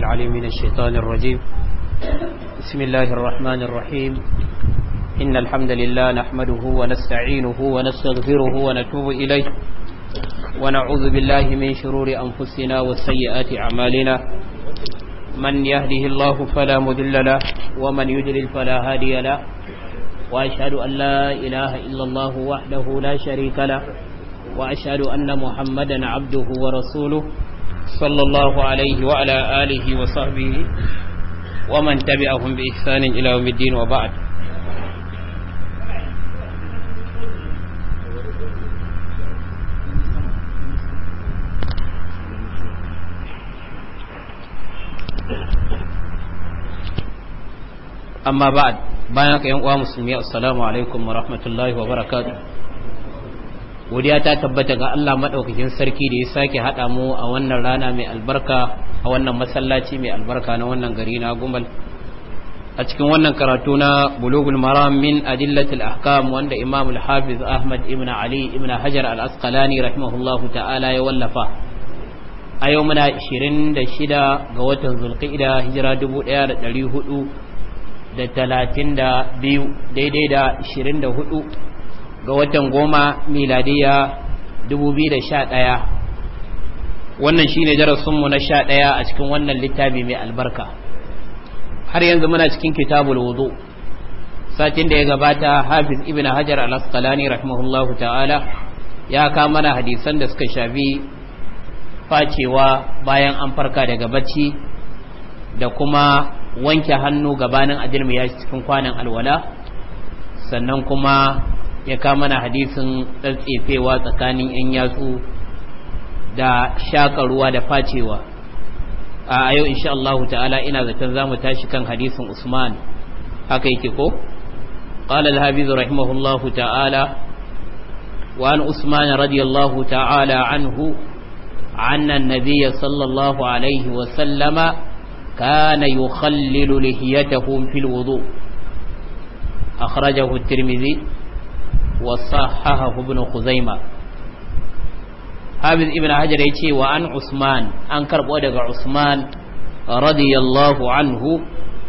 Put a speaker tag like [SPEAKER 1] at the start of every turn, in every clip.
[SPEAKER 1] العليم من الشيطان الرجيم بسم الله الرحمن الرحيم إن الحمد لله نحمده ونستعينه ونستغفره ونتوب إليه ونعوذ بالله من شرور أنفسنا وسيئات أعمالنا من يهده الله فلا مذل له ومن يدلل فلا هادي له وأشهد أن لا إله إلا الله وحده لا شريك له وأشهد أن محمدا عبده ورسوله صلى الله عليه وعلى آله وصحبه ومن تبعهم بإحسان إلى يوم الدين وبعد أما بعد بينك يوم أمس السلام عليكم ورحمة الله وبركاته godiya ta tabbata ga Allah madaukakin sarki da ya sake hada mu a wannan rana mai albarka a wannan masallaci mai albarka na wannan gari na gumal. a cikin wannan karatu na bulugul maram min adillatil ahkam wanda imam al-hafiz ahmad ibn ali ibn hajar al-asqalani rahimahullahu ta'ala ya wallafa a yau muna 26 ga watan zulqa'ida hijira 1400 da 32 daidai da 24 ga watan goma miladiya 2011 wannan shi ne darasinmu na ɗaya a cikin wannan littafi mai albarka har yanzu muna cikin kitabul wudu satin da ya gabata hafiz ibn hajar al-asqalani rahimahullahu ta'ala ya kama na hadisan da suka shafi facewa bayan an farka daga bacci da kuma wanke hannu gabanin ajirmi ya cikin kwanan alwala sannan kuma ya kama na hadisin tsatsepewa tsakanin 'yan yatsu da shakarwa da facewa a yau insha Allah ta'ala ina zaton zamu tashi kan hadisin Usman haka yake ko qala al-hafiz rahimahullahu ta'ala wa an Usman radiyallahu ta'ala anhu anna an-nabiy sallallahu alayhi wa sallama kana yukhallilu lihiyatahu fil wudu akhrajahu at-tirmidhi wasahahahu ibn khuzaima hafiz ibn hajar ce wa an usman an karbo daga usman radiyallahu anhu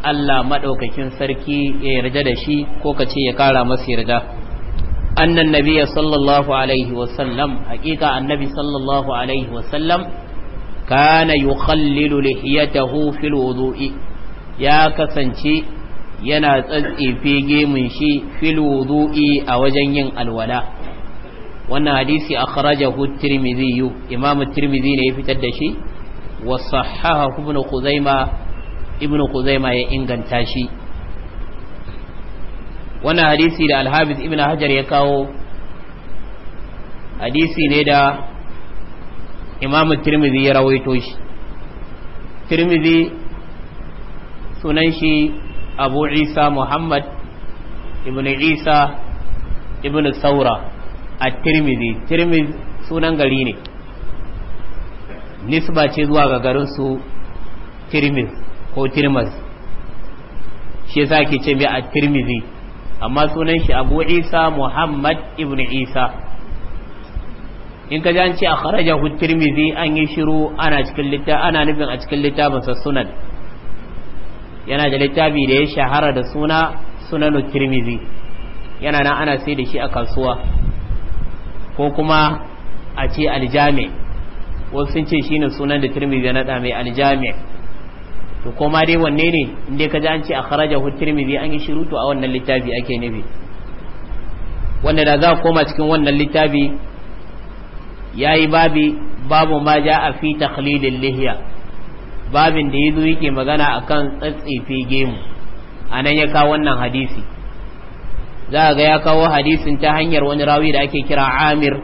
[SPEAKER 1] Allah madaukakin sarki ya yarda da shi ko kace ya kara masa yarda a nabiyya sallallahu alaihi wa sallam hakika annabi sallallahu alaihi wa sallam kana yukhallilu lihiyatahu fil wudu'i ya kasance yana tsatsefe gemun shi fil wudu'i a wajen yin alwala wannan hadisi akhrajahu at-tirmidhi imam at-tirmidhi ne ya fitar da shi wa sahaha ibn khuzaima ibn khuzaima ya inganta shi wannan hadisi da al-hafiz ibn hajar ya kawo hadisi ne da imam at-tirmidhi ya rawaito shi tirmidhi sunan shi abu isa muhammad ibn isa ibn saura a tirmidhi tirmidhi sunan gari ne nisba ce zuwa ga garin su tirmidhi ko tirmas shi yasa ke ce mai a tirmidhi amma sunan shi abu isa muhammad ibn isa in ka ji an ce a kharaja hu tirmizi an yi shiru ana cikin litta ana nufin a cikin littafin sa sunan yana da littafi da ya shahara da suna sunan tirmizi yana nan ana sai da shi a kasuwa ko kuma a ce aljami wasu sun ce shine sunan da tirmizi na da mai aljami to koma dai wanne ne inda ka ji an ce a kharaja hu an yi shirutu a wannan littafi ake nufi wanda da za a koma cikin wannan littafi yayi babi babu ma ja a fi taklilin lihiya babin da yazo yake magana a akan tsatsefe gemu anan ya kawo wannan hadisi za ga ya kawo hadisin ta hanyar wani rawi da ake kira Amir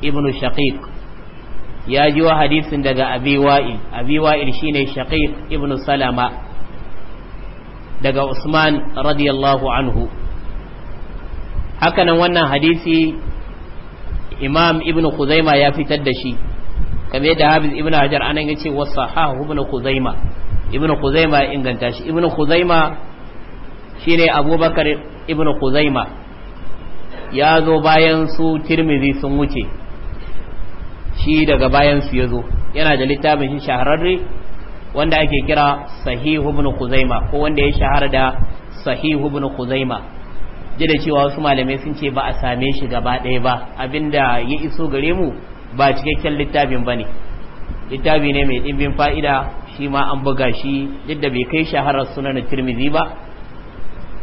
[SPEAKER 1] ibn Shaqiq ya ji wa hadisin daga Abi Wa'il Abi Wa'il shine Shaqiq ibn Salama daga Usman radiyallahu anhu hakanan wannan hadisi Imam ibn Khuzaima ya fitar da shi kamar yadda hafiz ibn hajar anan yace wa sahahu ibn khuzaima ibn khuzaima ya inganta shi ibn khuzaima shine abubakar ibn khuzaima ya zo bayan su tirmizi sun wuce shi daga bayan su ya zo yana da littafin shi shahararre wanda ake kira Sahih ibn khuzaima ko wanda ya shahara da Sahih ibn khuzaima cewa wasu malamai sun ce ba a same shi gaba ɗaya ba abinda ya iso gare mu ba cikakken littafin ba ne littafi ne mai ɗimbin fa'ida shi ma an buga shi duk da bai kai shaharar sunan tirmizi ba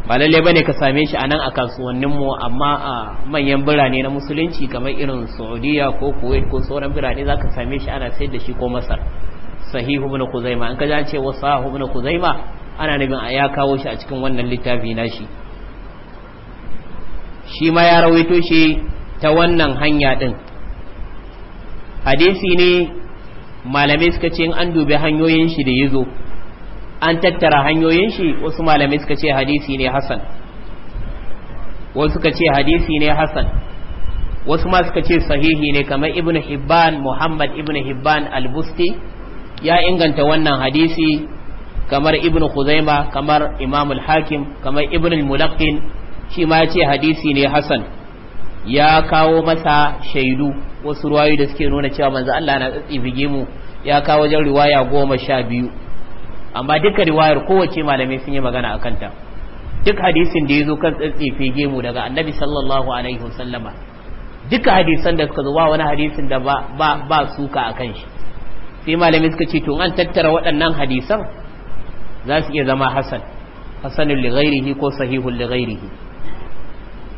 [SPEAKER 1] ba lalle ba ne ka same shi a nan a kasuwanninmu amma a manyan birane na musulunci kamar irin saudiya ko kuwait ko sauran birane za ka same shi ana sayar da shi ko masar sahihu bin kuzaima in ka ji ce wasahu bin kuzaima ana nufin a ya kawo shi a cikin wannan littafi na shi shi ma ya rawaito shi ta wannan hanya din hadisi ne malamai suka ce an dubi hanyoyin shi da yazo an tattara hanyoyin shi wasu malamai suka ce hadisi ne hasan wasu suka ce hadisi ne hasan wasu ma suka ce sahihi ne kamar ibn hibban muhammad ibn hibban al-busti ya inganta wannan hadisi kamar ibn khuzaima kamar imam al-hakim kamar ibn al-mulaqqin shi ma ya ce hadisi ne Hassan. ya kawo masa shaidu wasu ruwayoyi da suke nuna cewa manzo Allah na tsibige mu ya kawo wajen riwaya goma sha biyu amma duka riwayar kowace malamai sun yi magana a kanta duk hadisin da ya zo kan tsibige mu daga annabi sallallahu alaihi wasallama duka hadisan da suka zo ba wani hadisin da ba ba, ba suka a kan shi sai malamai suka ce to an tattara waɗannan hadisan za su iya zama hasan hasanul lighairihi ko sahihul lighairihi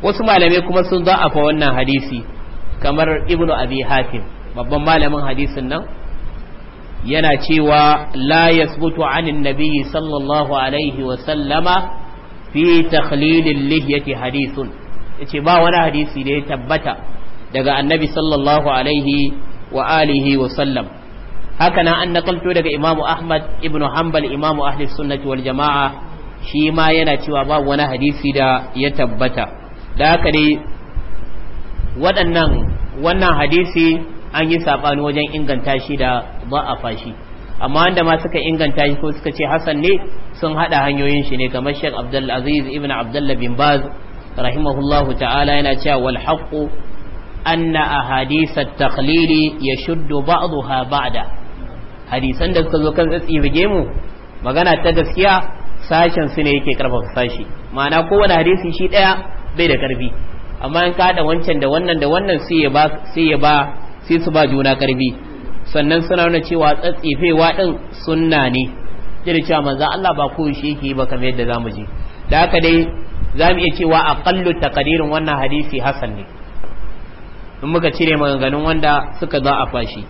[SPEAKER 1] wasu malamai kuma sun za'afa wannan hadisi kamar ibnu abi hatim babban malamin hadisin nan yana cewa la yasbutu anin nabiyyi sallallahu alaihi wa sallama fi takhlilil lihyati hadithun yace ba wani hadisi da ya tabbata daga annabi sallallahu alaihi wa alihi wa sallam haka an nakalto daga imamu ahmad ibnu hanbal imamu ahli sunnati wal jama'a shi ma yana cewa ba wani hadisi da ya tabbata da haka dai waɗannan wannan hadisi an yi saɓani wajen inganta shi da ba'a fashi amma wanda ma suka inganta shi ko suka ce Hassan ne sun haɗa hanyoyin shi ne kamar shek aziz ibn abdullah bin baz rahimahullahu ta'ala yana cewa wal haqqu anna ahadith at-taqlili yashudd ba'daha ba'da hadisan da suka zo kan tsibige mu magana ta gaskiya sashen su ne yake karfafa sashi ma'ana kowane hadisi shi daya bai da karfi amma in ka da wancan da wannan da wannan sai ya ba sai su ba juna karfi sannan suna nuna cewa tsatsifewa din sunna ne jira cewa manzo Allah ba ko shi yake ba kamar yadda zamu je da haka dai zamu iya cewa aqallu taqdirin wannan hadisi hasan ne in muka cire maganganun wanda suka za a fashi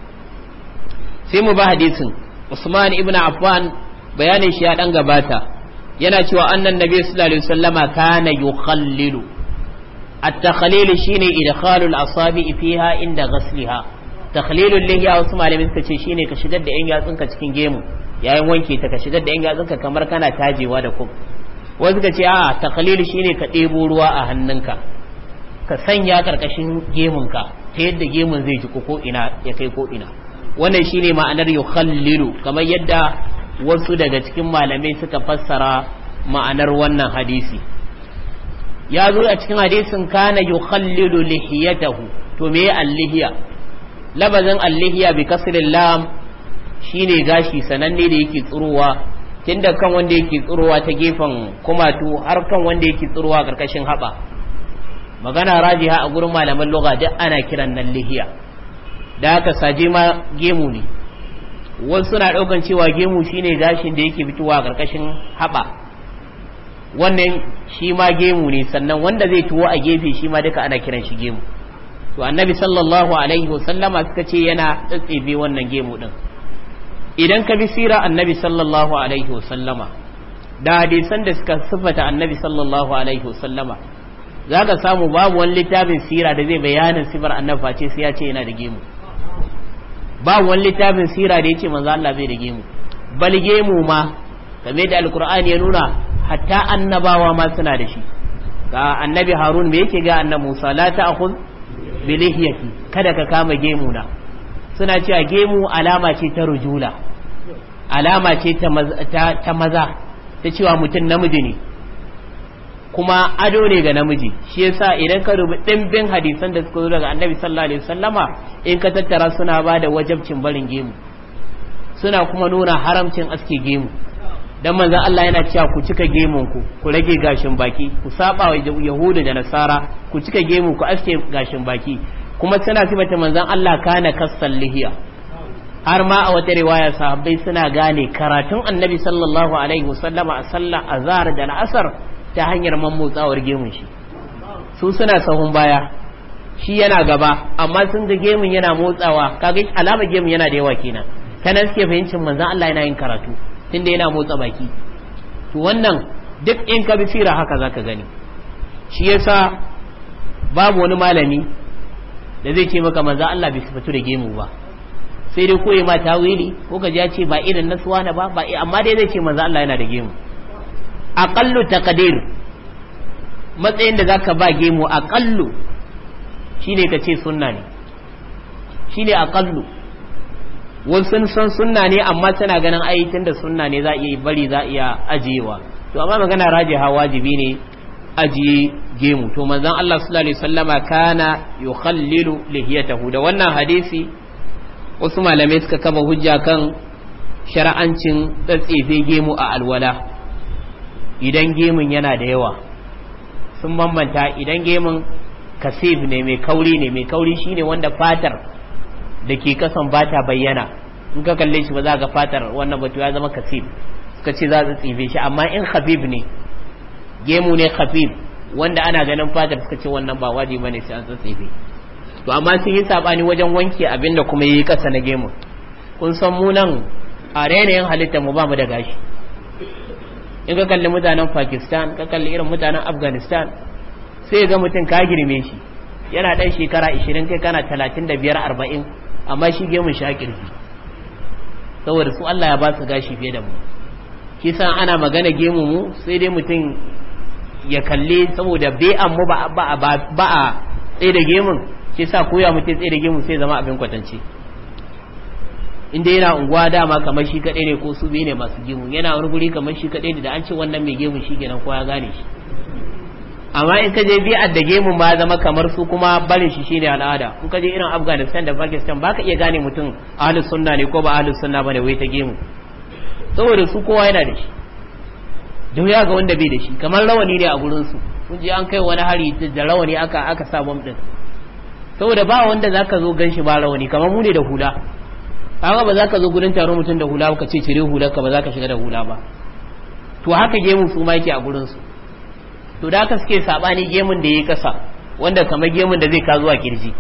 [SPEAKER 1] sai mu ba hadisin Usman ibn Affan bayanin shi ya dan gabata yana cewa annan nabi sallallahu alaihi wasallama kana yukhallilu at-takhlil shine idkhalul asabi fiha inda ghasliha takhlilul lihiya wasu malamin suka ce shine ka shigar da yan yatsunka cikin gemu yayin wanke ta ka shigar da yan yatsunka kamar kana tajewa da kum wasu ka ce a takhlil shine ka ɗebo ruwa a hannunka ka sanya karkashin ka ta yadda gemun zai ji ko ina ya kai ko ina wannan shine ma'anar yukhallilu kamar yadda wasu daga cikin malamai suka fassara ma'anar wannan hadisi ya zo a cikin hadisin kana yukhallilu lihiyatahu to me allihiya labazin allihiya bi kasrin lam shine gashi sananne da yake tsirowa tunda kan wanda yake tsirowa ta gefen kumatu har kan wanda yake tsirowa karkashin haba magana rajiha a gurin malaman lugha duk ana kiran nan lihiya da aka saje ma gemu ne wasu suna daukan cewa gemu shine gashin da yake fitowa karkashin haba wannan shi ma gemu ne sannan wanda zai tuwo a gefe shi ma duka ana kiran shi gemu to annabi sallallahu alaihi wasallama suka ce yana tsatsebe wannan gemu din idan ka bi sira annabi sallallahu alaihi wasallama da hadisan da suka sifata annabi sallallahu alaihi wasallama za ka samu babu wani littafin sira da zai bayanin sifar annabi face sai ya ce yana da gemu babu wani littafin sira da ya ce manzo Allah bai da gemu bal gemu ma game da alkur'ani ya nuna hatta annabawa ma suna da shi ga annabi harun me yake ga annabi musa la ta'khud bi lihiyati kada ka kama gemu na suna cewa gemu alama ce ta rujula alama ce ta maza ta cewa mutum namiji ne kuma ado ne ga namiji shi yasa idan ka rubu dimbin hadisan da suka zo daga annabi sallallahu alaihi wasallama in ka tattara suna ba da wajabcin barin gemu suna kuma nuna haramcin aske gemu dan manzon Allah yana cewa ku cika gemun ku ku rage gashin baki ku saba wa yahuda da nasara ku cika gemu ku aske gashin baki kuma tana sifata manzo Allah kana kassal lihiya har ma a wata riwaya sahabbai suna gane karatun annabi sallallahu alaihi wasallama a sallar azhar da al'asar ta hanyar mammotsawar gemun shi su suna sahun baya shi yana gaba amma sun ga gemun yana motsawa kaga alama gemun yana da yawa kenan kana suke fahimcin manzon Allah yana yin karatu tunda yana motsa baki to wannan duk in ka bi fira haka zaka gani shi yasa babu wani malami da zai ce maka manzo Allah bai fito da gemu ba sai dai koyi ma tawili ko ka ya ce ba irin na suwana ba ba amma dai zai ce manzo Allah yana da gemu aqallu taqdir matsayin da zaka ba gemu aqallu shine ka ce sunna ne shine aqallu wasu sun san sunna ne amma suna ganin ai da sunna ne za a iya bari za a iya ajiyewa to amma magana rajiha wajibi ne ajiye gemu to manzon Allah sallallahu alaihi wasallama kana yukhallilu lihiyatahu da wannan hadisi wasu malamai suka kaba hujja kan shara'ancin tsatsefe gemu a alwala idan gemun yana da yawa sun bambanta idan gemun kasif ne mai kauri ne mai kauri shine wanda fatar da ke kasan ba ta bayyana in ka kalle shi ba za ga fatar wannan batu ya zama kasib suka ce za su tsife shi amma in habib ne gemu ne habib wanda ana ganin fatar suka ce wannan ba ba bane sai an tsife to amma sun yi sabani wajen wanke abin da kuma yi kasa na gemu kun san mu nan a rainayin halitta mu ba mu da gashi in ka kalli mutanen Pakistan ka kalli irin mutanen Afghanistan sai ga mutum ka girme shi yana dan shekara 20 kai kana 35 40 amma shi gemun shi kirji saboda su Allah ya ba su gashi fiye da mu shi san ana magana gemu mu sai dai mutum ya kalle saboda bai mu ba a ba a tsaye da gemun shi sa koya mutum tsaye da gemun sai zama abin kwatance inda yana unguwa dama kamar shi kadai ne ko su biyu ne masu gemu yana wani guri kamar shi kadai ne da an ce wannan mai gemu shi kenan kowa ya gane shi amma in ka je a dage mu ba zama kamar su kuma barin shi shine al'ada in ka je irin Afghanistan da Pakistan baka iya gane mutum ahlus sunna ne ko ba ahlus sunna bane wai ta gemu saboda su kowa yana da shi da ya ga wanda bai da shi kamar rawani ne a gurin su kun je an kai wani hari da rawani aka aka sa bomb din saboda ba wanda zaka zo ganshi ba rawani kamar mu ne da hula kaga ba zaka zo gurin taron mutum da hula ka ce cire hula ka ba zaka shiga da hula ba to haka gemu su ma yake a gurin su to da haka suke sabani gemun da yi kasa wanda kamar gemun da zai ka zuwa kirji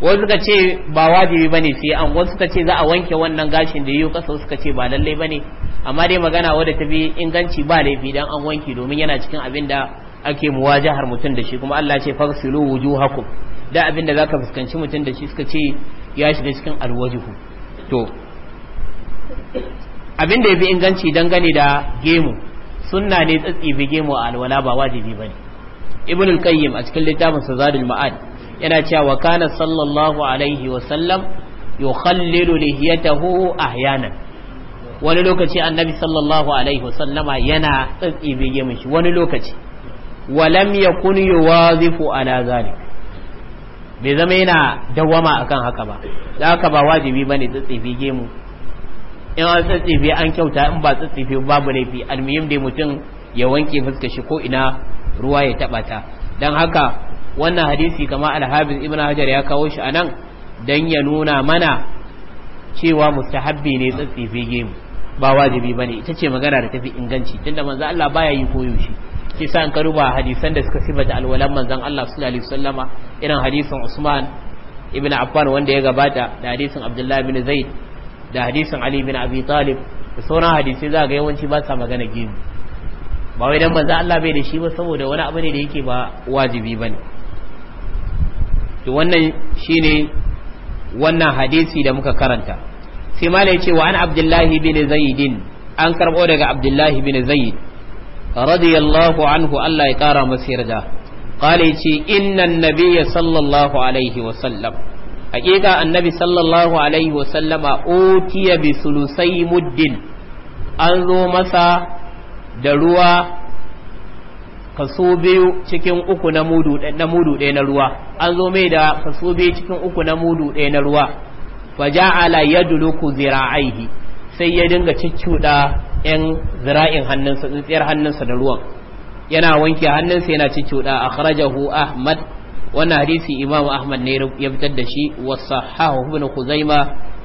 [SPEAKER 1] wasu suka ce ba wajibi bane sai an wasu suka ce za a wanke wannan gashin da yi kasa suka ce ba lallai ba ne amma dai magana wadda ta bi inganci ba laifi dan an wanke domin yana cikin abin da ake muwajahar mutum da shi kuma Allah ce fasilu wujuhakum da abin da zaka fuskanci mutum da shi suka ce ya shiga cikin alwajihu to abin da ya bi inganci dangane da gemu sunna ne tsitsibige mu a alwala ba wajibi bane ibn al-qayyim a cikin littafin sa zadul ma'ad yana cewa wa kana sallallahu alaihi wa sallam yukhallilu lihiyatahu ahyanan wani lokaci annabi sallallahu alaihi wa sallama yana tsitsibige shi wani lokaci walam yakun yuwazifu ala zalik bai zama yana dawama akan haka ba da haka ba wajibi bane tsitsibige mu in an tsefe an kyauta in ba tsatsife babu laifi almuhim dai mutum ya wanke fuskar shi ko ina ruwa ya taba ta don haka wannan hadisi kama alhabis ibn hajar ya kawo shi anan don ya nuna mana cewa mustahabbi ne tsefe gemu ba wajibi bane ita ce magana da tafi inganci tunda manzo Allah baya yi koyo shi ke sa an karuba hadisan da suka sifata alwalan manzon Allah sallallahu alaihi wasallama irin hadisin Usman ibn Affan wanda ya gabata da hadisin Abdullah ibn Zaid da hadisin ali bin abi talib da sauran hadisai za ga yawanci ba sa magana gemu ba wai dan manzo Allah bai da shi ba saboda wani abu ne da yake ba wajibi bane to wannan shine wannan hadisi da muka karanta sai malai ce wa an abdullahi bin zaidin an karɓo daga abdullahi bin zaid radiyallahu anhu Allah ya kara masa yarda qala yace innan nabiya sallallahu alaihi wa sallam hakika annabi sallallahu alaihi wasallama otiya bi sulusai muddin an zo masa da ruwa kaso biyu cikin uku na mudu na mudu ɗaya na ruwa an zo mai da kaso biyu cikin uku na mudu ɗaya na ruwa fa ja'ala yadluku zira'aihi sai ya dinga cicciuda yan zira'in hannunsa tsintsiyar hannunsa da ruwan yana wanke hannunsa yana cicciuda akhrajahu ahmad wannan hadisi imam ahmad ne ya fitar da shi wa sahahu ibn khuzaima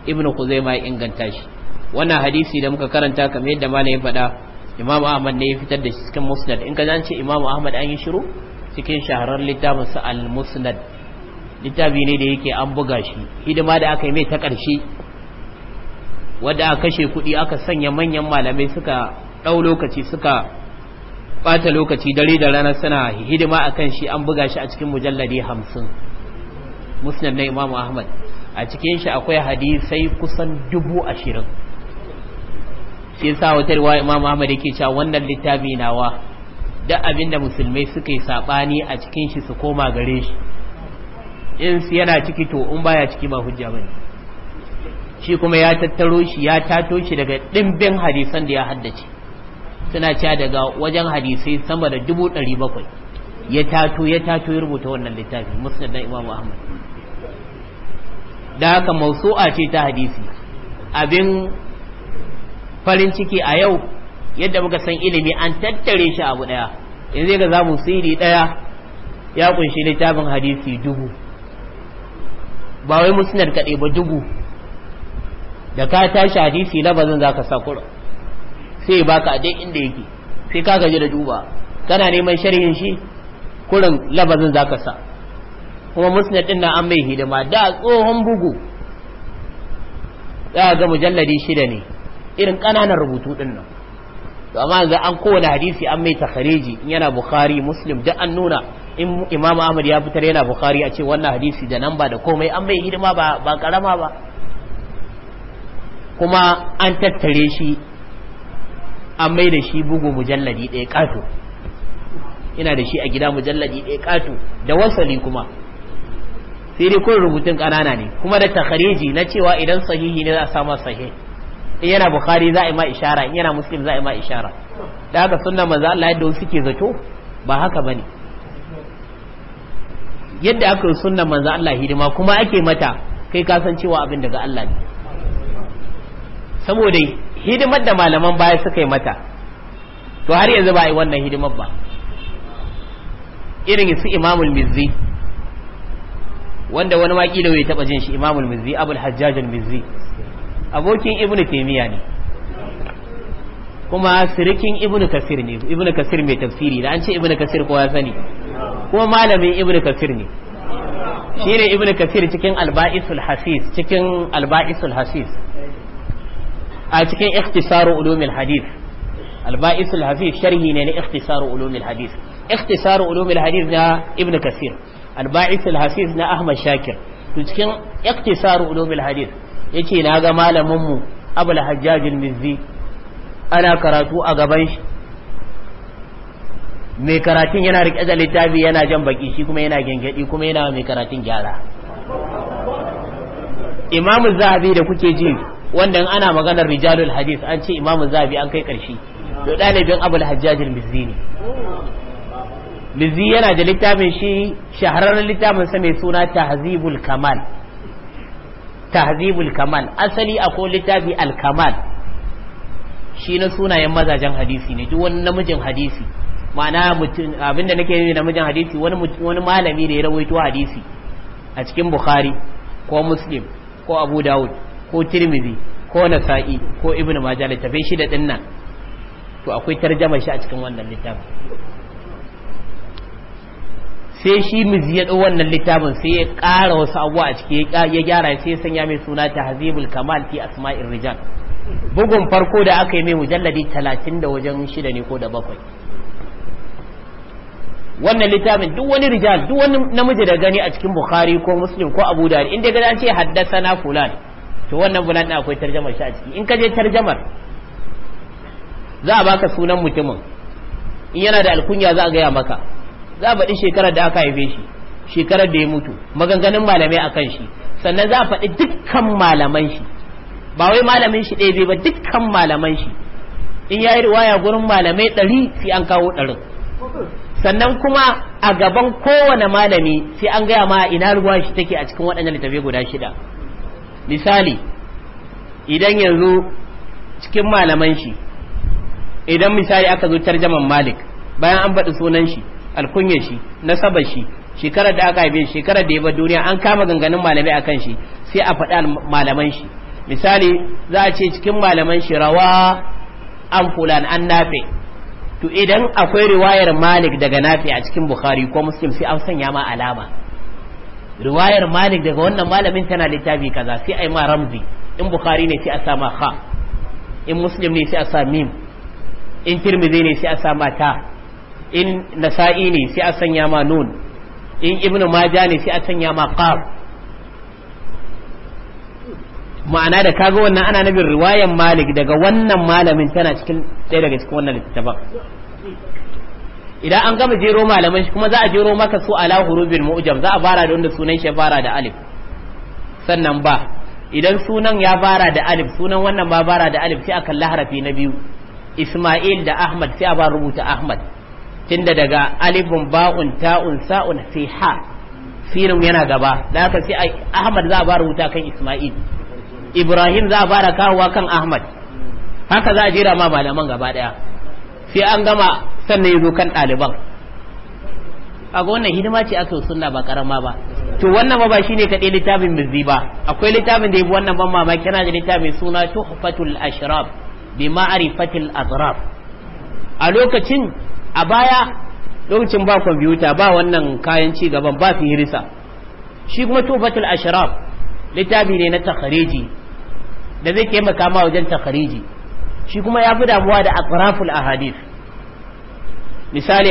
[SPEAKER 1] ibn khuzaima ya inganta shi wannan hadisi da muka karanta kamar yadda malam ya faɗa imam ahmad ne ya fitar da shi cikin musnad in ka zan ce imam ahmad an yi shiru cikin shaharar littafin sa al musnad littafi ne da yake an buga shi hidima da aka yi mai ta ƙarshe wadda aka kashe kuɗi aka sanya manyan malamai suka ɗau lokaci suka bata lokaci dare da rana suna hidima akan shi an buga shi a cikin mujalladi hamsin musnad na imam ahmad a cikin shi akwai hadisai kusan dubu ashirin shi yasa wata riwaya imam ahmad yake cewa wannan littafi nawa duk da musulmai suka yi sabani a cikin shi su koma gare shi in yana ciki to in baya ciki ba hujja bane shi kuma ya tattaro shi ya tato shi daga dimbin hadisan da ya haddace suna cewa daga wajen hadisai sama da dubu ɗari bakwai ya tato ya tato ya rubuta wannan littafi musnad na imamu ahmad da haka mausu'a ce ta hadisi abin farin ciki a yau yadda muka san ilimi an tattare shi abu daya yanzu ga zamu siri daya ya kunshi littafin hadisi dubu ba wai musnad kaɗai ba dubu da ka tashi hadisi labarin za ka sa kura sai baka a duk inda yake sai ka gaji da duba kana neman sharhin shi kurin labazin zaka sa kuma musnad din na an mai hidima da tsohon bugu za ga mujalladi shida ne irin kananan rubutu din nan to amma yanzu an kowane hadisi an mai takhariji in yana bukhari muslim da an nuna in imamu ahmad ya fitar yana bukhari a ce wannan hadisi da nan ba da komai an mai hidima ba ba karama ba kuma an tattare shi an mai da shi bugu mujalladi ɗaya ƙato ina da shi a gida mujalladi ɗaya ƙato da wasali kuma sai dai kun rubutun ƙanana ne kuma da takhariji na cewa idan sahihi ne za a samu sahih in yana bukhari za a yi ma ishara in yana muslim za a yi ma ishara da haka sunna manzo Allah yadda wasu ke zato ba haka bane yadda aka yi sunna manzo Allah hidima kuma ake mata kai ka san cewa abin daga Allah ne saboda hidimar da malaman baya suka yi mata to har yanzu ba a yi wannan hidimar ba irin su imamul mizzi wanda wani waƙi da bai taɓa jin shi imamul mizzi abul hajjajul mizzi abokin ibnu taimiya ne kuma sirikin ibnu kasir ne ibnu kasir mai tafsiri da an ce ibnu kasir ya sani kuma malamin ibnu kasir ne shine ibnu kasir cikin alba'isul hasis cikin alba'isul hasis a cikin ikhtisaru ulumil hadith ne na شرحي نين اختصار علوم الحديث اختصار علوم الحديث نا ابن كثير البائس na Ahmad Shakir شاكر cikin اختصار Ulumil الحديث yace na ga malamin mu abul hajjaj al-mizzi ana karatu a gaban shi mai karatun yana rike da littafi yana jan baki shi kuma yana gengedi kuma yana mai karatun gyara imamu zahabi da kuke ji wanda ana maganar rijalul hadis an ce imamu zabi an kai karshe to ɗalibin abul hajjajin mizzi ne
[SPEAKER 2] mizzi yana da littafin
[SPEAKER 1] shi shahararren littafin sa mai suna tahzibul kamal tahzibul kamal asali akwai littafi al kamal shi na sunayen mazajen hadisi ne duk wani namijin hadisi ma'ana mutum abinda nake yi namijin hadisi wani wani malami da ya rawaito hadisi a cikin bukhari ko muslim ko abu dawud ko tirmidhi ko nasa'i ko ibnu majah littafai shida din nan to akwai tarjuma shi a cikin wannan littafin sai shi mizi ya dau wannan littafin sai ya ƙara wasu abuwa a ciki ya gyara sai ya sanya mai suna tahzibul kamal fi asma'ir rijal bugun farko da aka yi mai mujalladi talatin da wajen shida ne ko da bakwai wannan littafin duk wani rijal duk wani namiji da gani a cikin bukhari ko muslim ko abu da inda gada ce haddasa na fulan to wannan bulan din akwai tarjamar shi a ciki in ka je tarjamar za a baka sunan mutumin in yana da alkunya za a gaya maka za a faɗi shekarar da aka haife shi shekarar da ya mutu maganganun malamai akan kan shi sannan za a faɗi dukkan malaman shi ba wai malamin shi ɗaya ba dukkan malaman shi in ya yi riwaya gurin malamai ɗari sai an kawo ɗarin sannan kuma a gaban kowane malami sai an gaya ma ina ruwa shi take a cikin waɗannan littattafai guda shida misali idan yanzu cikin malaman shi idan misali aka zo tarjaman malik bayan an baɗi sunan shi alkunyar shi nasabar shi shekarar da aka haife shekarar da ya bar duniya an kama ganganin malamai a kan shi sai a faɗi malaman shi misali za a ce cikin malaman shi rawa an fulan an nafe to idan akwai riwayar malik daga nafe a cikin bukhari ko muslim sai an sanya ma alama riwayar malik daga wannan malamin tana littafi kaza sai ai ma ramzi in bukhari ne sai a sa ma kha in muslim ne sai a sa mim in tirmidhi ne sai a sa ma ta in nasa'i ne sai a sanya ma nun in ibnu maja ne sai a sanya ma qaf ma'ana da kaga wannan ana nabin riwayar malik daga wannan malamin tana cikin ɗaya daga cikin wannan littafin idan an gama jero malaman shi kuma za a jero maka su ala hurubil mu'jam za a fara da wanda sunan shi fara da alif sannan ba idan sunan ya fara da alif sunan wannan ba fara da alif sai a kalli harafi na biyu Isma'il da Ahmad sai a ba rubuta Ahmad tunda daga alifun ba'un ta'un sa'un sai ha sirin yana gaba da haka sai Ahmad za a ba rubuta kan Isma'il Ibrahim za a fara kawowa kan Ahmad haka za a jera ma malaman gaba daya sai an gama sannan ya zo kan ɗaliban a wannan hidima ce aka sunna ba karama ba to wannan ba shi ne kaɗai littafin mizi ba akwai littafin da ya bi wannan ban mamaki yana da littafin suna tuhfatul ashraf bi ma'rifatil azraf a lokacin a baya lokacin ba kwamfuta ba wannan kayan ci gaban ba fihirisa shi kuma tuhfatul ashraf littafi ne na takhariji da zai taimaka ma wajen takhariji shi kuma ya fi damuwa da atraful ahadith misali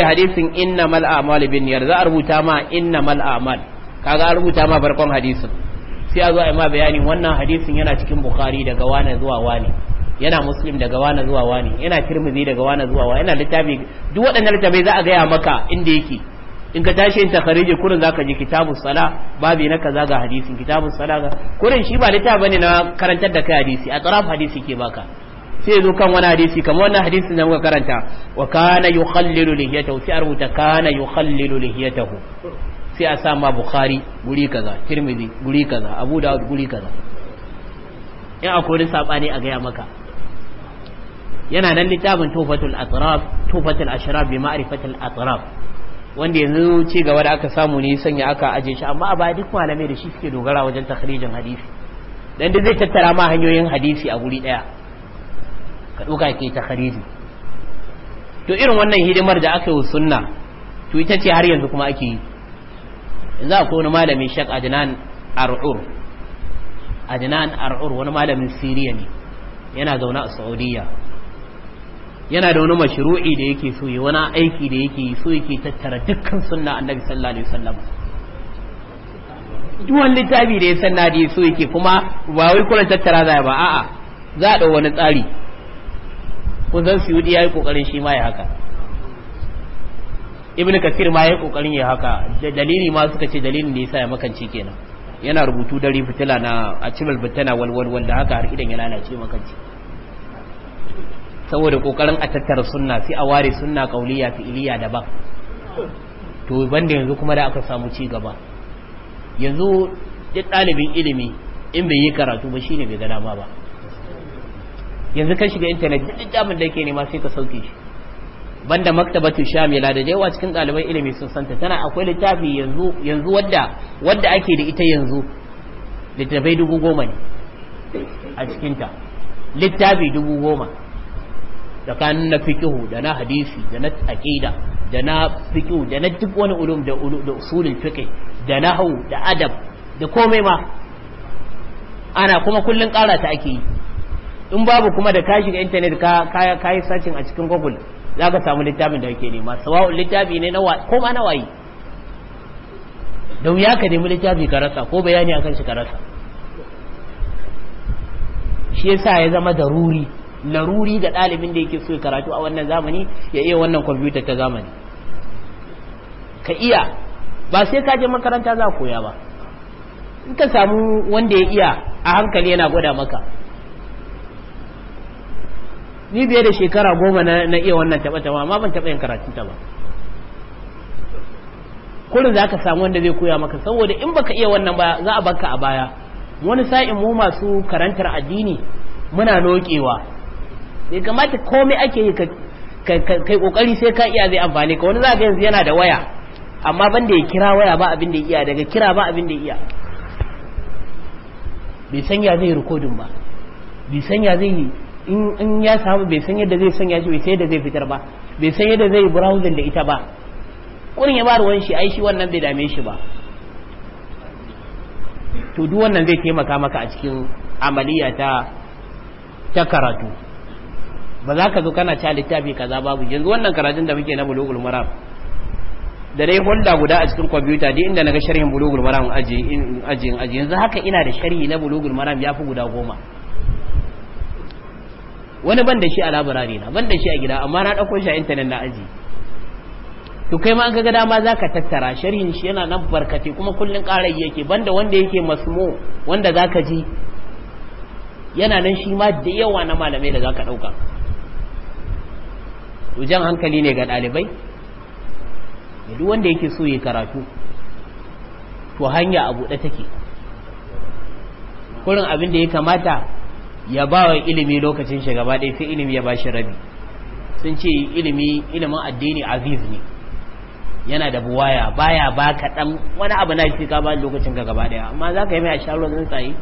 [SPEAKER 1] inna mal a'mal bin yar za a rubuta ma mal a'mal kaga an rubuta ma farkon hadisin sai a zo a yi ma bayani wannan hadisin yana cikin bukhari daga wane zuwa wane yana muslim daga wane zuwa wane yana tirmidhi daga wane zuwa wane yana littafi duk waɗannan littafai za a gaya maka inda yake in ka tashi in takharije kurin zaka je kitabus sala babi na kaza ga hadisin kitabus sala ga kurin shi ba littafi bane na karantar da kai hadisi a tsaraf hadisi ke baka sai zo kan wani hadisi kamar wannan hadisin da muka karanta wa kana yukhallilu lihiyatahu sai a rubuta kana yukhallilu lihiyatahu sai a sa ma bukhari guri kaza tirmidhi guri kaza abu dawud guri kaza in akwai sabani a gaya maka yana nan littafin tufatul atraf tufatul ashraf bi ma'rifatul atraf wanda yanzu ci gaba da aka samu ne sanya aka aje shi amma a baya duk malamai da shi suke dogara wajen takhrijin hadisi dan da zai tattara ma hanyoyin hadisi a guri daya ka ɗauka ke ta khariji to irin wannan hidimar da aka yi wa sunna to ita ce har yanzu kuma ake yi yanzu akwai wani malamin shak adnan ar'ur adnan ar'ur wani malamin siriya ne yana zaune a saudiya yana da wani mashru'i da yake so yi wani aiki da yake so yake tattara dukkan sunna annabi sallallahu alaihi wasallam duk wani littafi da ya sanna da so yake kuma ba wai kullum tattara za ba a'a za a ɗau wani tsari kun san suyudi ya yi kokarin shi ma ya haka ibn kathir ma ya yi kokarin ya haka da dalili ma suka ce dalilin da yasa ya makanci kenan yana rubutu dare fitila na a cimal bitana walwal wanda haka har idan ya lalace makanci saboda kokarin a tattara sunna sai a ware sunna kauliya fi'iliya ba to banda yanzu kuma da aka samu ci gaba yanzu duk ɗalibin ilimi in bai yi karatu ba shine bai ga dama ba yanzu kan shiga intanet duk littafin da yake nema sai ka sauke shi banda maktabatu shamila da yawa cikin ɗaliban ilimi sun santa tana akwai littafi yanzu yanzu wadda wadda ake da ita yanzu littafai dubu goma ne a cikinta littafi dubu goma tsakanin na fikihu da na hadisi da na aqida da na fikihu da na duk wani ulum da da usulul fiqh da nahwu da adab da komai ma ana kuma kullun karata ake yi in babu kuma da ka shiga intanet ka yi sacin a cikin google za ka samu littafin da kake nema sawa'u littafi ne na ko ma na wayi da wuya ka nemi littafi ka rasa ko bayani akan shi ka rasa shi yasa ya zama daruri laruri ga ɗalibin da yake so ya karatu a wannan zamani ya iya wannan kwamfuta ta zamani ka iya ba sai ka je makaranta za koya ba in ka samu wanda ya iya a hankali yana gwada maka ni biye da shekara goma na iya wannan taɓa taɓa amma ban taɓa yin karatun ta ba kurin za ka samu wanda zai koya maka saboda in baka iya wannan ba za a baka a baya wani sa'in mu masu karantar addini muna lokewa bai kamata komai ake yi ka kai kokari sai ka iya zai amfani ka wani za ka yanzu yana da waya amma ban da ya kira waya ba abin da ya iya daga kira ba abin da ya iya bai sanya zai rikodin ba bai sanya zai in ya samu bai san yadda zai sanya shi bai san yadda zai fitar ba bai san yadda zai browsing da ita ba kurin ya ba ruwan shi ai shi wannan bai dame shi ba to duk wannan zai taimaka maka a cikin amaliya ta ta karatu ba za ka zo kana ca littafi kaza babu yanzu wannan karatun da muke na bulugul maram da dai holda guda a cikin kwamfuta duk inda naga sharhin bulugul maram aji in yanzu haka ina da sharhi na bulugul maram ya fi guda goma wani ban da shi a labarari na ban da shi a gida amma na ɗauko shi a intanet na aji to kai ma an ga dama za ka tattara sharhin shi yana nan barkate kuma kullum ƙarai yake da wanda yake masmo wanda za ka ji yana nan shi ma da yawa na malamai da za ka ɗauka to jan hankali ne ga ɗalibai duk wanda yake so ya karatu to hanya a buɗe take kurin abin da ya kamata ya ba wa ilimi lokacin shi gaba ɗaya sai ilimi ya ba shi rabi sun ce ilimi ilimin addini aziz ne yana da buwaya baya ba ka dan wani abu na shi ka ba lokacin ka gaba ɗaya amma za ka yi mai a zan tsuntsaye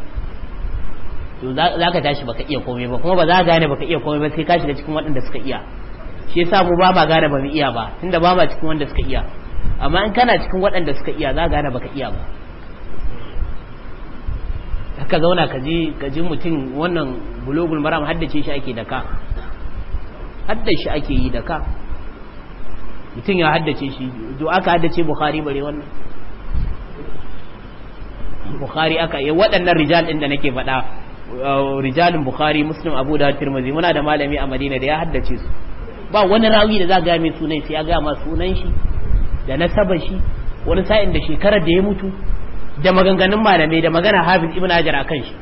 [SPEAKER 1] to za ka tashi baka iya komai ba kuma ba za ka gane baka iya komai ba sai ka shiga cikin waɗanda suka iya shi yasa mu ba ma gane ba mu iya ba tunda ba ma cikin wanda suka iya amma in kana cikin waɗanda suka iya za ka gane baka iya ba ka zauna ka ji ka ji mutum wannan bulogul maram haddace shi ake da ka haddace shi ake yi da ka mutum ya haddace shi do aka haddace bukhari bare wannan bukhari aka yi waɗannan rijal ɗin da nake faɗa uh, rijalin bukhari muslim abu da tirmidhi muna da malami a madina da ya haddace su ba wani rawi da za ga mai sunan shi ya ga ma sunan shi da nasabar shi wani sa'in da shekarar da ya mutu da maganganun malamai da magana hafiz ibn hajar akan shi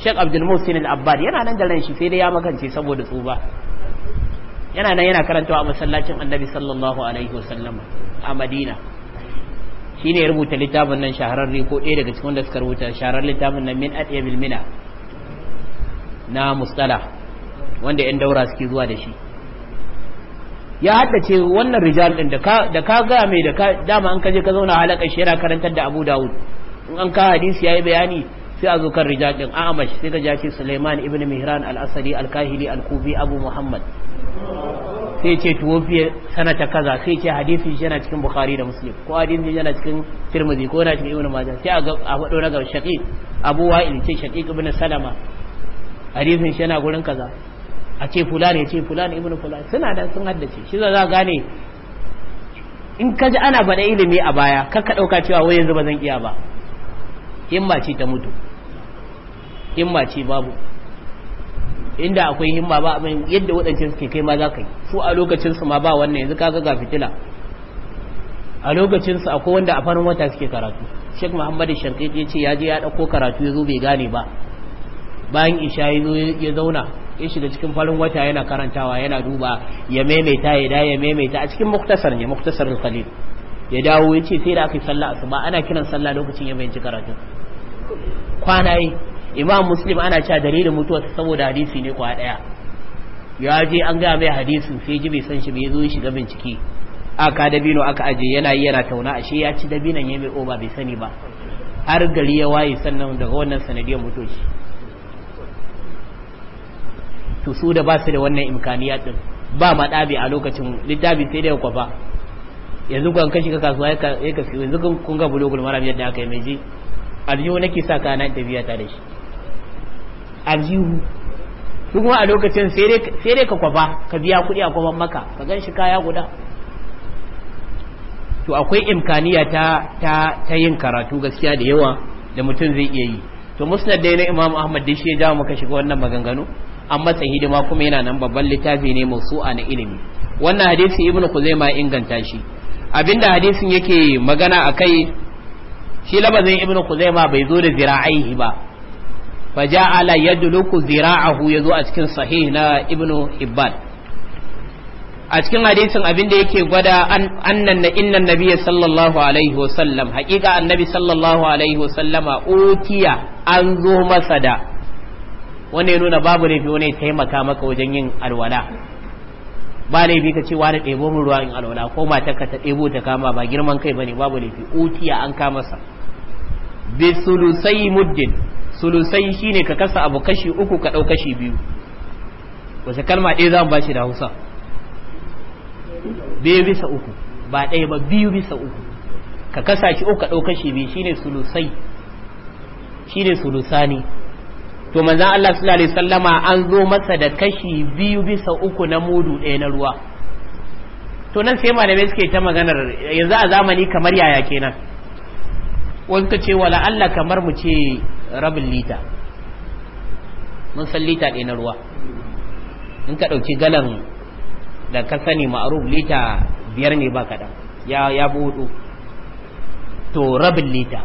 [SPEAKER 1] Sheikh Abdul Muhsin Al-Abbad yana nan da ran shi sai dai ya makance saboda tsuba yana nan yana karantawa a masallacin Annabi sallallahu alaihi wasallam a Madina shine rubuta littafin nan shahararre ko ɗaya daga cikin wanda suka rubuta shahararren littafin nan min adiyabil mina na mustala wanda yan daura suke zuwa da shi ya haddace wannan rijal din da ka da ka ga mai da ka dama an kaje ka zauna halakar shi yana karantar da Abu Dawud in an ka hadisi yayi bayani sai a zo kan rijal din Amash sai ka ja ce Sulaiman ibn Mihran al-Asadi al-Kahili al-Kufi Abu Muhammad sai ce sana sanata kaza sai ce hadisi shi yana cikin bukhari da muslim ko hadisi shi yana cikin tirmidhi ko yana cikin ibn majah sai a faɗo na ga shaqiq abu wa'il ce shaqiq ibn salama hadisin shi yana gurin kaza a ce fulani ya ce fulani ibn fulani suna dan sun haddace shi za gane in ka ji ana bada ilimi a baya kar ka cewa wai yanzu ba zan iya ba himma ce ta mutu himma ce babu inda akwai himma ba abin yadda waɗancan suke kai ma za ka yi su a lokacin su ma ba wannan yanzu kaga ga fitila a lokacin su akwai wanda a farin wata suke karatu Sheikh Muhammadu Shankiti ya ce ya je ya dauko karatu ya zo bai gane ba bayan isha ya zauna ya shiga cikin farin wata yana karantawa yana duba ya maimaita ya da ya maimaita a cikin muktasar ne muktasar khalil ya dawo ya ce sai da aka yi sallah asuba ana kiran sallah lokacin ya bayanci karatu kwana yi imam muslim ana cewa dalilin mutuwa saboda hadisi ne kwa daya ya je an gaya mai hadisin sai ji bai san shi bai zo shiga bincike aka dabino aka aje yana yi yana tauna ashe ya ci dabinan ya mai oba bai sani ba har gari ya waye sannan daga wannan sanadiyar mutuwa to su da ba su da wannan imkaniya din ba ma ɗabi a lokacin littafi sai da kwafa yanzu kan kashi ka kasuwa ya ka yanzu kun ga bulogul maram yadda aka yi mai ji aljihu nake sa kana biya ta da shi aljihu su a lokacin sai dai ka kwafa ka biya kuɗi a kwaban maka ka gan shi kaya guda to akwai imkaniya ta ta ta yin karatu gaskiya da yawa da mutum zai iya yi to musnad dai na imam ahmad dai shi ya jawo maka shiga wannan maganganu an masa hidima kuma yana nan babban littafi ne mausu'a na ilimi wannan hadisi ibnu kuzaima inganta shi abinda hadisin yake magana akai shi labazin ibnu kuzaima bai zo da zira'aihi ba fa ja'ala yadluku zira'ahu yazo a cikin sahih na ibnu hibban a cikin hadisin abinda yake gwada annan na innan nabiyyi sallallahu alaihi wasallam haqiqa annabi sallallahu alaihi wasallama utiya an zo masa da wanda ya nuna babu laifi wani ya taimaka maka wajen yin alwala ba laifi ka ce wani ɗebo min ruwa in alwala ko mata ka ta ɗebo ta kama ba girman kai bane babu laifi utiya an kama sa bi sulusai muddin sulusai shine ka kasa abu kashi uku ka ɗau kashi biyu wace kalma ɗaya za mu bashi da hausa biyu bisa uku ba ɗaya ba biyu bisa uku ka kasa shi uku ka ɗau kashi biyu shine sulusai shine sulusani to manzon Allah sallallahu alaihi wasallama an zo masa da kashi biyu bisa uku na mudu ɗaya na ruwa to nan sai malamai suke ta maganar yanzu a zamani kamar yaya kenan wani ka ce wala Allah kamar mu ce rabin lita mun san lita ɗaya na ruwa in ka ɗauki galan da ka sani ma'aruf lita biyar ne ba kaɗan ya ya buɗu to rabin lita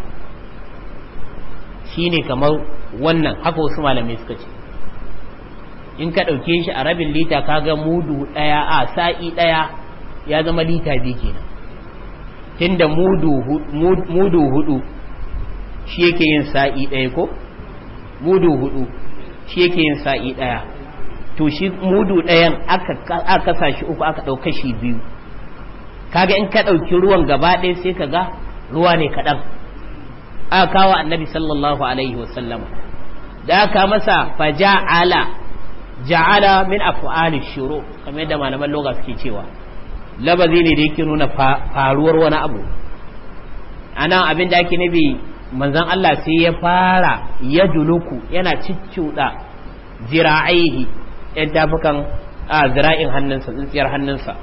[SPEAKER 1] shine kamar wannan haka wasu malamai suka ce in ka ɗauke shi a rabin lita ka ga mudu ɗaya a sa'i ɗaya ya zama lita biyu kenan da mudu hudu shi yake yin sa'i ɗaya ko mudu hudu shi yake yin sa'i ɗaya to shi mudu ɗayan aka kasa shi uku aka ɗauka shi biyu kaga in ka ɗauki ruwan gaba ɗaya sai ka ga ruwa ne kaɗan aka kawo annabi sallallahu alaihi wasallam da aka masa faja'ala ja'ala min af'ali shuru kamar yadda malaman loga suke cewa labazi ne da yake nuna faruwar wani abu anan abin da ake nabi manzon Allah sai ya fara ya duluku yana ciccuda zira'aihi yan tafukan a zira'in hannunsa tsintsiyar hannunsa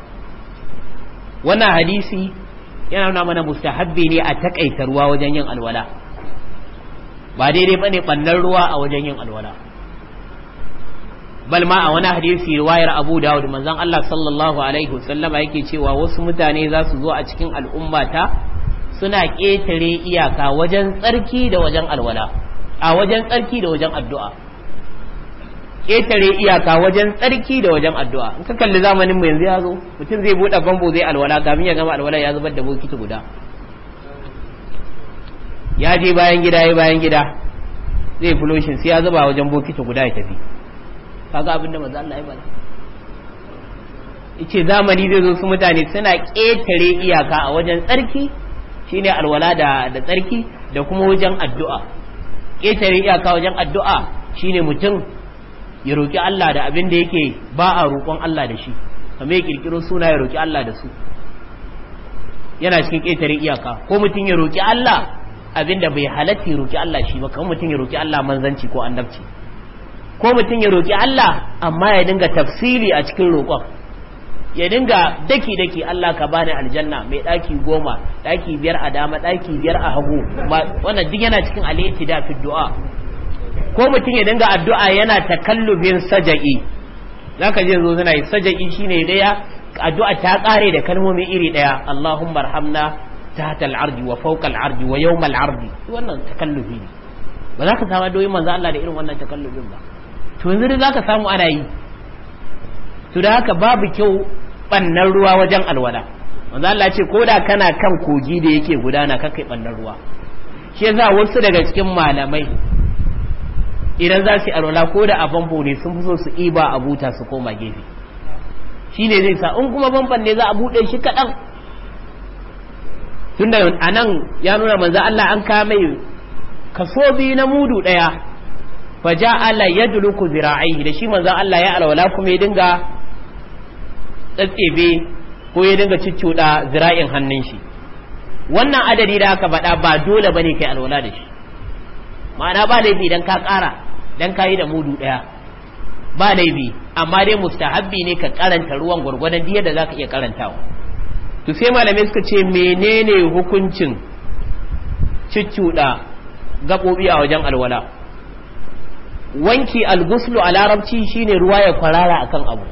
[SPEAKER 1] wannan hadisi yana nuna mana mustahabbi ne a takaita ruwa wajen yin alwala ba daidai bane bannan ruwa a wajen yin alwala bal ma a wani hadisi riwayar Abu Dawud manzon Allah sallallahu alaihi wasallama yake cewa wasu mutane za su zo a cikin al'ummata suna ƙetare iyaka wajen tsarki da wajen alwala a wajen tsarki da wajen addu'a ƙetare iyaka wajen tsarki da wajen addu'a in ka kalli zamanin mu yanzu ya zo mutum zai buɗe famfo zai alwala kamin ya gama alwala ya zubar da bokiti guda ya je bayan gida ya bayan gida zai fuloshin sai ya zuba wajen bokiti guda ya tafi kaga abinda maza Allah ya bada yace zamani zai zo su mutane suna ƙetare iyaka a wajen tsarki shine alwala da da tsarki da kuma wajen addu'a ƙetare iyaka wajen addu'a shine mutum ya roƙi Allah da abin da yake ba a roƙon Allah da shi kamar ya kirkiro suna ya roƙi Allah da su yana cikin ƙetare iyaka ko mutum ya roƙi Allah abin da bai halatta ya roƙi Allah shi ba kamar mutum ya roƙi Allah manzanci ko annabci ko mutum ya roƙi Allah amma ya dinga tafsiri a cikin roƙon ya dinga daki daki Allah ka bani aljanna mai ɗaki goma ɗaki biyar a dama ɗaki biyar a hagu wannan duk yana cikin alaiti da fi du'a ko mutum ya dinga addu'a yana takallubin saja'i zaka je zo suna yi saja'i shine daya addu'a ta kare da kalmomi iri daya Allahumma arhamna tahta al-ardi wa fawqa al-ardi wa yawma al-ardi wannan takallubi ne ba za ka samu addu'a manzo Allah da irin wannan takallubin ba to yanzu da zaka samu ana yi to da haka babu kyau bannan ruwa wajen alwala manzo Allah ce ko da kana kan kogi da yake gudana kakai bannan ruwa shi yasa wasu daga cikin malamai idan za su yi alwala ko da a famfo ne sun fi so su iba a buta su koma gefe shi ne zai sa in kuma famfon ne za a buɗe shi kaɗan tun da a nan ya nuna manza Allah an kame kaso biyu na mudu ɗaya fa ja'ala yadluku zira'aihi da shi manzo Allah ya alwala kuma ya dinga tsatsebe ko ya dinga cicciuda zira'in hannun shi wannan adadi da aka faɗa ba dole ba ne kai alwala da shi ma'ana ba laifi idan ka ƙara dan kayi da mudu daya ba laifi amma dai mustahabbi ne ka karanta ruwan gwargwadon diya da zaka iya karantawa to sai malamai suka ce menene hukuncin cuccuda gabobi a wajen alwala wanki alguslu a larabci shine ruwa ya kwarara akan abu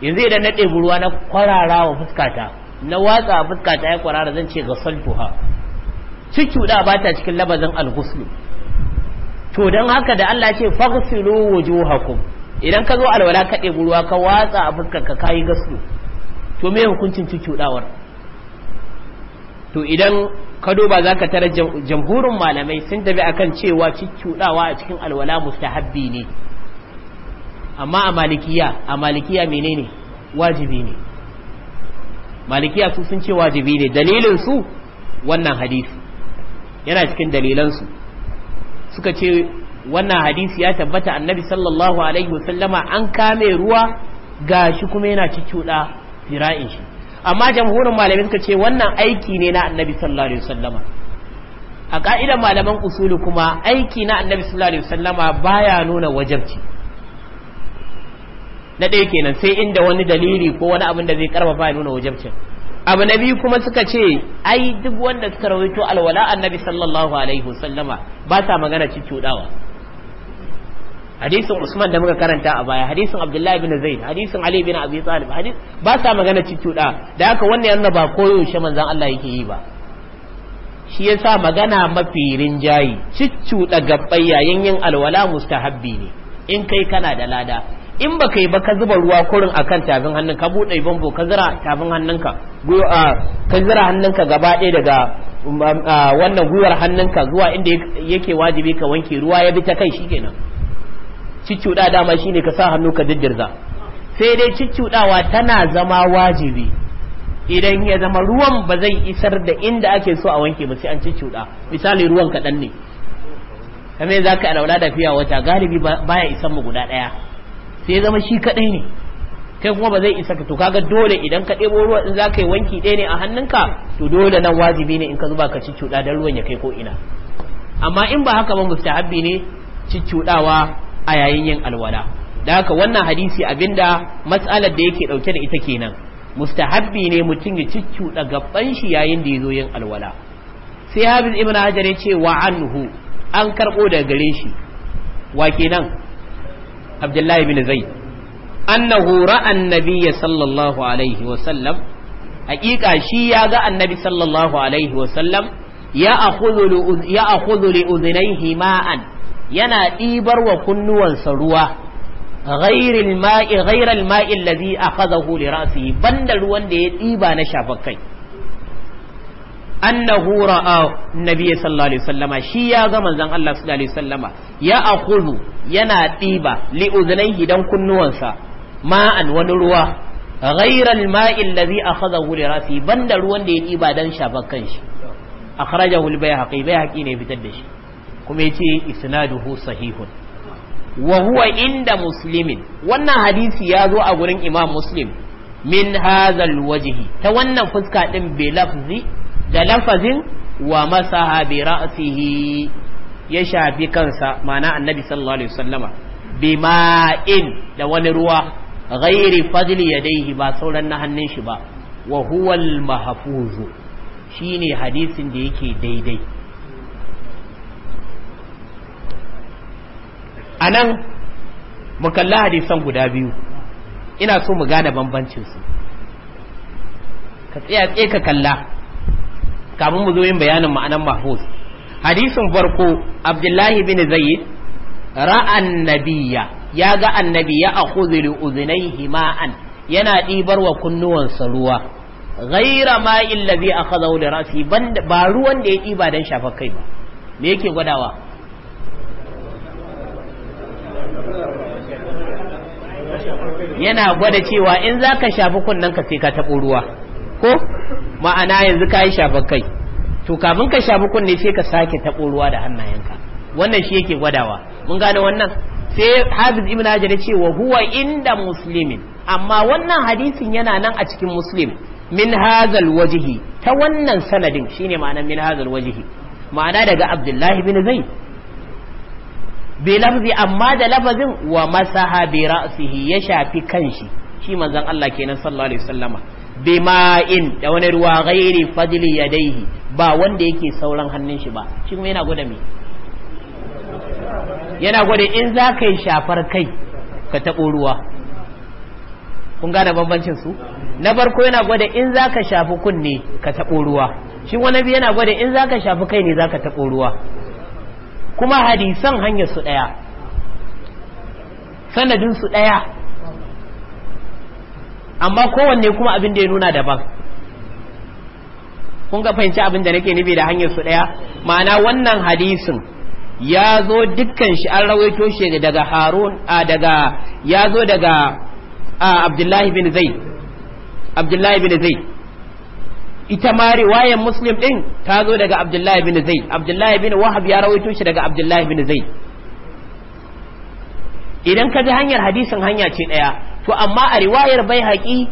[SPEAKER 1] yanzu idan na ɗebi ruwa na kwarara wa fuskata na watsa fuskata ya kwarara zan ce ga saltuha cuccuda ba ta cikin labazin alguslu to don haka da Allah ce faghsilu wujuhakum idan ka zo alwala ka ɗebi ruwa ka watsa a fuskar ka kayi gaslu to me hukuncin cucuɗawar. to idan ka duba zaka tara jamhurin malamai sun tafi akan cewa cucudawa a cikin alwala mustahabbi ne amma a malikiya a malikiya menene wajibi ne malikiya su sun ce wajibi ne dalilin su wannan hadisi yana cikin dalilan su suka ce wannan hadisi ya tabbata annabi sallallahu alaihi wasallama an kame ruwa gashi kuma yana cicuda fira'in shi amma jamhurin malamai suka ce wannan aiki ne na annabi sallallahu alaihi wasallama a ka'idar malaman usulu kuma aiki na annabi sallallahu alaihi wasallama baya nuna wajabci na ɗaya kenan sai inda wani dalili ko wani abin da zai karfafa ya nuna wajabcin abu na biyu kuma suka ce ai duk wanda suka rawaito alwala annabi sallallahu alaihi wasallama ba sa magana cucudawa hadisin Usman da muka karanta a baya hadisin Abdullahi bin Zaid hadisin Ali bin Abi Talib hadis ba sa magana cucuda da haka wannan yana ba koyaushe manzon Allah yake yi ba shi yasa magana mafi rinjayi cuccuda gabbai yayin yin alwala mustahabbi ne in kai kana da lada in ba yi ba ka zuba ruwa kurin akan tafin hannun ka buɗe bambo ka zira tafin hannunka ka zira hannunka gaba ɗaya daga um, um, wannan gwiwar hannunka zuwa inda yake wajibi ka wanke ruwa ya bi ta kai shikenan cicciuda dama shine ka sa hannu ka diddirza sai dai cicciudawa tana zama wajibi idan ya zama ruwan ba zai isar da inda ake so a wanke ba sai an cicciuda misali ruwan kaɗan ne kamar za ka ɗaura da fiya wata galibi baya isan mu guda ɗaya sai zama shi kaɗai ne kai kuma ba zai isa ka to kaga dole idan ka ɗebo ruwa in za ka yi wanki ɗaya ne a hannunka to dole nan wajibi ne in ka zuba ka ci dan ruwan ya kai ko ina amma in ba haka ba mustahabbi ne ciccuɗawa a yayin yin alwala da haka wannan hadisi abinda matsalar da yake ɗauke da ita kenan mustahabbi ne mutum ya cuccuɗa gaban shi yayin da ya zo yin alwala sai hafiz ibn hajar ya ce wa anhu an karɓo daga gare shi wa kenan abdullahi bin zaid annahu ra'a annabiyya sallallahu alaihi wa sallam haƙiƙa shi ya ga annabi sallallahu alaihi wa sallam ya akhudhu ya akhudhu li yana ɗibar wa kunnuwansa ruwa ghairil ma'i ghairal ma'i allazi akhadahu li banda ruwan da ya ɗiba na shafakai annahu ra'a nabiy sallallahu alaihi wasallama shi ya ga manzon Allah sallallahu alaihi wasallama ya aqulu yana ɗiba li udhnayhi kunnuwansa ma'an wani ruwa ghayra al-ma'i alladhi akhadahu li rasi banda ruwan da ya diba dan shafar kanshi akhrajahu al-bayhaqi bayhaqi ne fitar da shi kuma yace isnaduhu sahihun wa inda muslimin wannan hadisi ya zo a gurin imam muslim min hazal wajhi ta wannan fuska din bi lafzi da lafazin wa masaha bi ra'sihi ya shafi kansa ma'ana annabi sallallahu alaihi wasallama ma'in da wani ruwa ghairi fadli yadayhi ba sauran na hannun shi ba wa huwa al-mahfuz shine hadisin da yake daidai anan mu kalla hadisan guda biyu ina so mu gane bambancin su ka tsaya tsaye ka kalla kafin mu zo yin bayanin ma'anan mahfuz hadisin farko abdullahi bin zaid ra'an nabiyya ya ga annabi ya akhudhu li udhnayhi ma'an yana ɗibar wa kunnuwansa ruwa ghaira ma'il ladhi akhadahu li ra'si ba ruwan da ya ɗiba dan shafa kai ba me yake gwadawa
[SPEAKER 2] yana gwada cewa in
[SPEAKER 1] zaka shafi kunnanka sai ka taɓo ruwa ko
[SPEAKER 2] ma'ana yanzu
[SPEAKER 1] ka yi shafar kai to kafin ka shafi kunne sai ka sake taɓo ruwa da hannayenka wannan shi yake gwadawa mun gane wannan sai hafiz ibn hajar ya ce wa huwa inda muslimin amma wannan hadisin yana nan a cikin muslim min hazal wajihi ta wannan sanadin shine ma'ana min hazal wajihi ma'ana daga abdullahi bin zai bi lafzi amma da lafazin wa masaha bi ra'sihi ya shafi kanshi shi manzon Allah kenan sallallahu alaihi wasallama bima'in da wani ruwa ghairi fadli yadaihi ba wanda yake sauran hannun shi ba shi kuma yana gwada me yana gwada in za ka yi shafar kai ka taɓo ruwa kun gane bambancin su na barko yana gwada in za ka shafi kunne ka taɓo ruwa shi wani biyu yana gwada in za ka shafi kai ne za ka taɓo ruwa kuma hadisan hanyar su ɗaya sanadin su ɗaya amma kowanne kuma abin da ya nuna daban kun ga fahimci abin da nake nufi da hanyar su ɗaya ma'ana wannan hadisin ya zo dukkan shi an rawaito shi daga harun a daga ya zo daga abdullahi bin zai abdullahi bin zai ita ma riwayar muslim din ta zo daga abdullahi bin zai abdullahi bin wahab ya rawaito shi daga abdullahi bin zai idan ka ji hanyar hadisin hanya ce ɗaya to amma a riwayar bai haƙi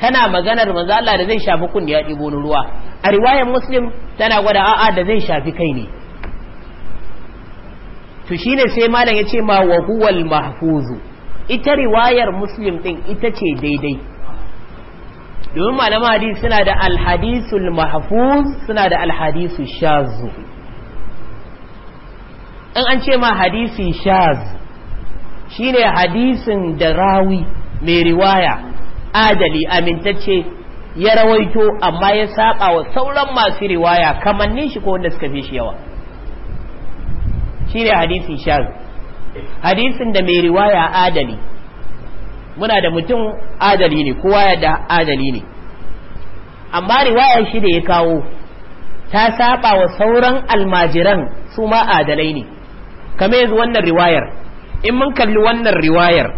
[SPEAKER 1] tana maganar manzo Allah da zai shafi kun ya ɗibo ni ruwa a riwayar muslim tana gwada a'a da zai shafi kai ne to shine sai malam ya ce ma wa huwal mahfuzu ita riwayar muslim din ita ce daidai domin malaman hadisi suna da alhadisul mahfuz suna da alhadisul shazu in an ce ma hadisi shaz. shine hadisin da rawi mai riwaya adali amintacce
[SPEAKER 2] ya rawaito
[SPEAKER 1] amma ya saba wa sauran masu riwaya kamannin shi ko wanda suka fi shi yawa shine hadisin shaz hadisin da mai riwaya adali muna da mutum adali ne kowa ya da adali ne amma riwayar shi da ya kawo ta saba wa sauran almajiran su ma adalai ne kamar yanzu wannan riwayar in mun kalli wannan riwayar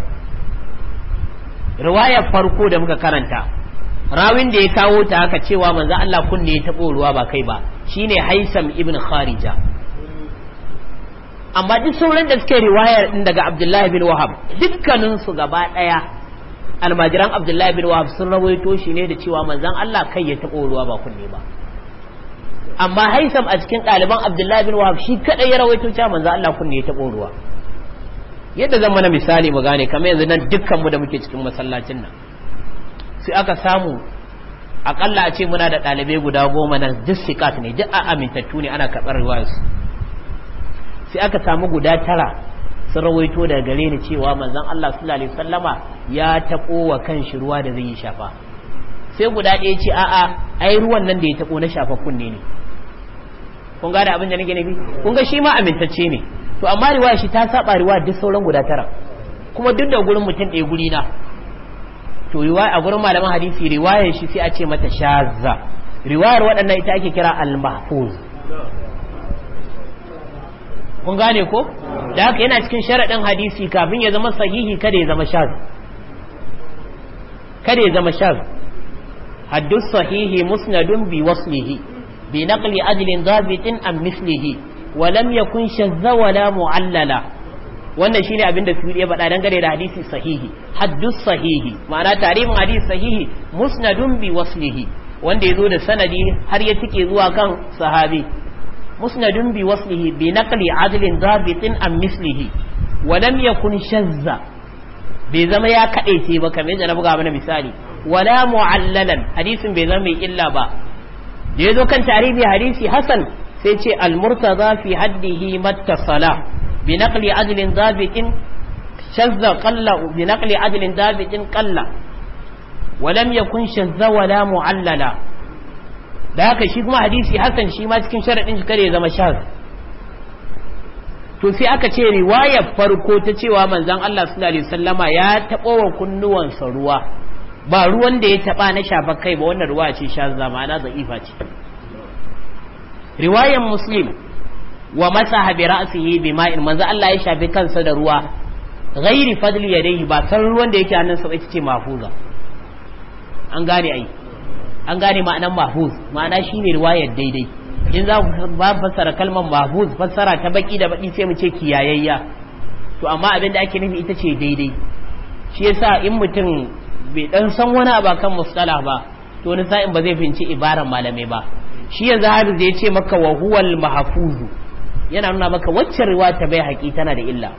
[SPEAKER 1] riwayar farko da muka karanta rawin da ya kawo ta haka cewa manzo Allah kunne ya tabo ruwa ba kai ba shine Haisam ibn Kharija amma duk sauran da suke riwayar din daga Abdullahi bin Wahab dukkanin su gaba daya almajiran Abdullahi bin Wahab sun rawaito shi ne da cewa manzon Allah kai ya tabo ruwa ba kunne ba amma Haisam a cikin ɗaliban Abdullahi bin Wahab shi kadai ya rawaito cewa manzon Allah kunne ya tabo ruwa yadda zan mana misali mu gane kamar yanzu nan dukkanmu da muke cikin masallacin nan sai aka samu akalla a ce muna da ɗalibai guda goma nan duk sikat ne duk a amintattu ne ana karɓar riwayarsu sai aka samu guda tara sun rawaito daga gare ni cewa manzon Allah sallallahu alaihi wasallama ya taɓo wa kanshi ruwa da zai yi shafa sai guda ɗaya ce a'a ai ruwan nan da ya taɓo na shafa kunne ne kun ga da abin da nake nufi kun ga shi ma amintacce ne to amma riwaya shi ta saba riwaya duk sauran guda tara kuma duk da gurin mutum ɗaya guri na to riwaya a gurin malaman hadisi riwaya shi sai a ce mata shazza riwayar waɗannan ita ake kira al-mahfuz
[SPEAKER 2] kun gane ko da haka yana cikin sharaɗin
[SPEAKER 1] hadisi kafin ya zama sahihi kada ya zama shaz kada ya zama shaz haddus sahihi musnadun bi waslihi bi naqli ajlin dhabitin am mislihi walam yakun shazza wala mu'allala wannan shine abin da Suyuti ya faɗa dangane da hadisi sahihi haddus sahihi ma'ana tarihin hadisi sahihi musnadun bi waslihi wanda ya zo da sanadi har ya tike zuwa kan sahabi musnadun bi waslihi bi naqli adlin dabitin an mislihi wa lam yakun shazza bai zama ya kadaice ba kamar yadda na buga mana misali wala mu'allalan hadisin bai zama mai illa ba da ya zo kan tarihi hadisi hasan sai ce almurtaza fi haddihi mattasala bi naqli adlin shazza qalla bi naqli adlin zabiqin qalla wa lam shazza wala muallala da haka shi kuma hadisi hasan shi ma cikin sharadin shi kare zama shaz to sai aka ce riwayar farko ta cewa manzon Allah Suna alaihi Sallama ya taɓo wa kunnuwansa ruwa ba ruwan da ya taɓa na shafa kai ba wannan ruwa ce shazza na za'ifa ce riwayan muslim wa masaha bi ra'sihi bi ma'in manzo Allah ya shafi kansa da ruwa ghairi fadli yadayhi ba san ruwan da yake nan sa ita ce mahfuza an gane ai an gane ma'anan mahfuz ma'ana shine riwayar daidai in za ku ba fassara kalmar mahfuz fassara ta baki da baki sai mu ce kiyayayya to amma abin da ake nufi ita ce daidai shi yasa in mutum bai dan san wani abakan mustalah ba to wani sa'in ba zai fahimci ibaran malamai ba shi yanzu hadin da ya ce maka wa huwal mahfuzu yana nuna maka wacce riwa ta bai haƙi tana da illa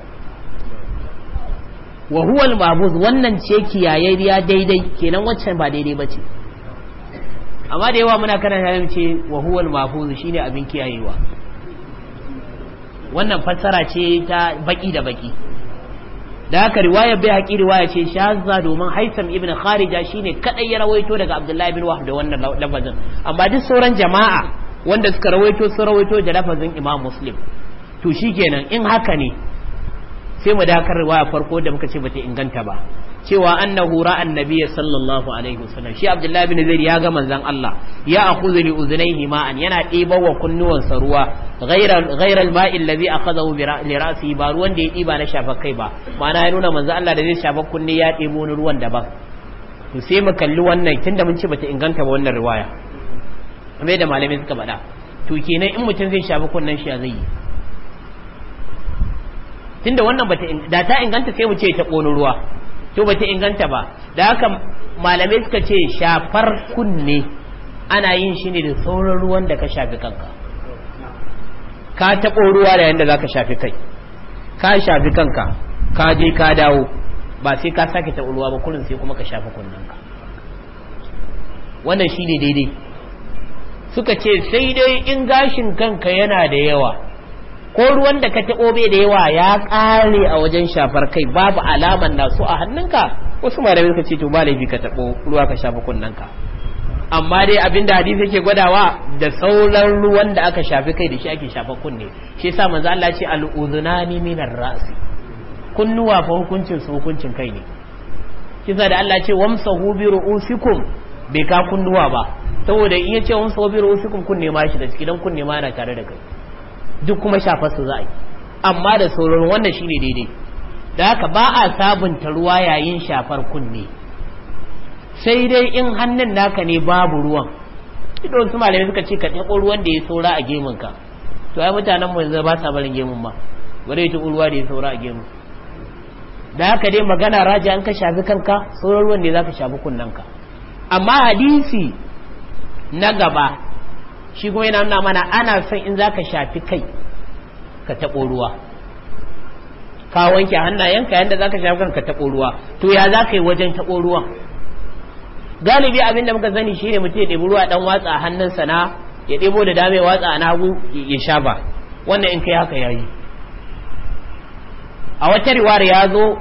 [SPEAKER 1] wa huwal mahfuz wannan ce kiyayayya daidai kenan waccan ba daidai bace amma da yawa muna karanta mu ce wa huwal mahfuz shine abin kiyayewa wannan fassara ce ta baki da baki da haka riwaya bai haƙi riwaya ce shazza domin haisam ibn kharija shine kadai ya rawaito daga abdullahi bin wahab da wannan lafazin amma duk sauran jama'a wanda suka rawaito su rawaito da lafazin imam muslim to shikenan in haka ne sai mu dakar riwaya farko da muka ce bata inganta ba cewa annahu ra'a annabiyya sallallahu alaihi wasallam shi abdullahi bin zaid ya ga manzon Allah ya akhudhu li udhnayhi ma'an yana diba wa kunnuwan sa ruwa ghayra ghayra al-ma'i alladhi akhadahu li ra'sihi ba ruwan da ya diba na shafa kai ba ma'ana ya nuna manzon Allah da zai shafa kunne ya dibo wani ruwan daban to sai mu kalli wannan tunda mun ce bata inganta ba wannan riwaya kamar da malamai suka faɗa to kenan in mutum zai shafa kunnan shi ya zai yi tunda wannan bata da ta inganta sai mu ce ta ƙone ruwa to ta inganta ba da haka malamai suka ce shafar kunne ana yin shi ne da sauran ruwan da ka shafi kanka ka taɓo ruwa da yadda za ka shafi kai ka shafi kanka ka je ka dawo ba sai ka sake taɓo ruwa ba kullum sai kuma ka shafi ka wannan shi ne daidai suka ce sai dai in gashin kanka yana da yawa ko ruwan da ka taɓo bai da yawa ya ƙare a wajen shafar kai babu alaman na su a hannunka wasu malamai suka ce to ba laifi ka taɓo ruwa ka shafa kunnanka amma dai abin da hadisi yake gwadawa da sauran ruwan da aka shafi kai da shi ake shafa kunne shi yasa manzo Allah ce al-udhunani minar ra'si kunnuwa fa hukuncin su hukuncin kai ne shi yasa da Allah ce wamsahu bi ru'usikum bai ka kunnuwa ba saboda in ya ce wamsahu bi ru'usikum kunne ma shi da ciki dan kunne ma yana tare da kai duk kuma shafar su za a yi amma da sauran wannan shine daidai da haka ba a sabunta ruwa yayin shafar kunne sai dai in hannun naka ne babu ruwan idan su malamai suka ce ka ɗaɓo ruwan da ya saura a gemunka to ai mutanen mu yanzu ba sa barin gemun ma bare ta ruwa da ya saura a gemun da haka dai magana raja an ka shafi kanka sauran ruwan ne zaka shafi ka. amma hadisi na gaba shi kuma yana nuna mana ana son in za ka shafi kai ka taɓo ruwa ka wanke hannayenka yadda za ka shafi kan ka taɓo ruwa to ya za ka yi wajen taɓo ruwan galibi abin da muka sani ne mutum ya ɗebi ruwa ɗan watsa a hannunsa na ya ɗebo da dame watsa a hagu ya sha ba wannan in kai haka yayi a wata riwar ya zo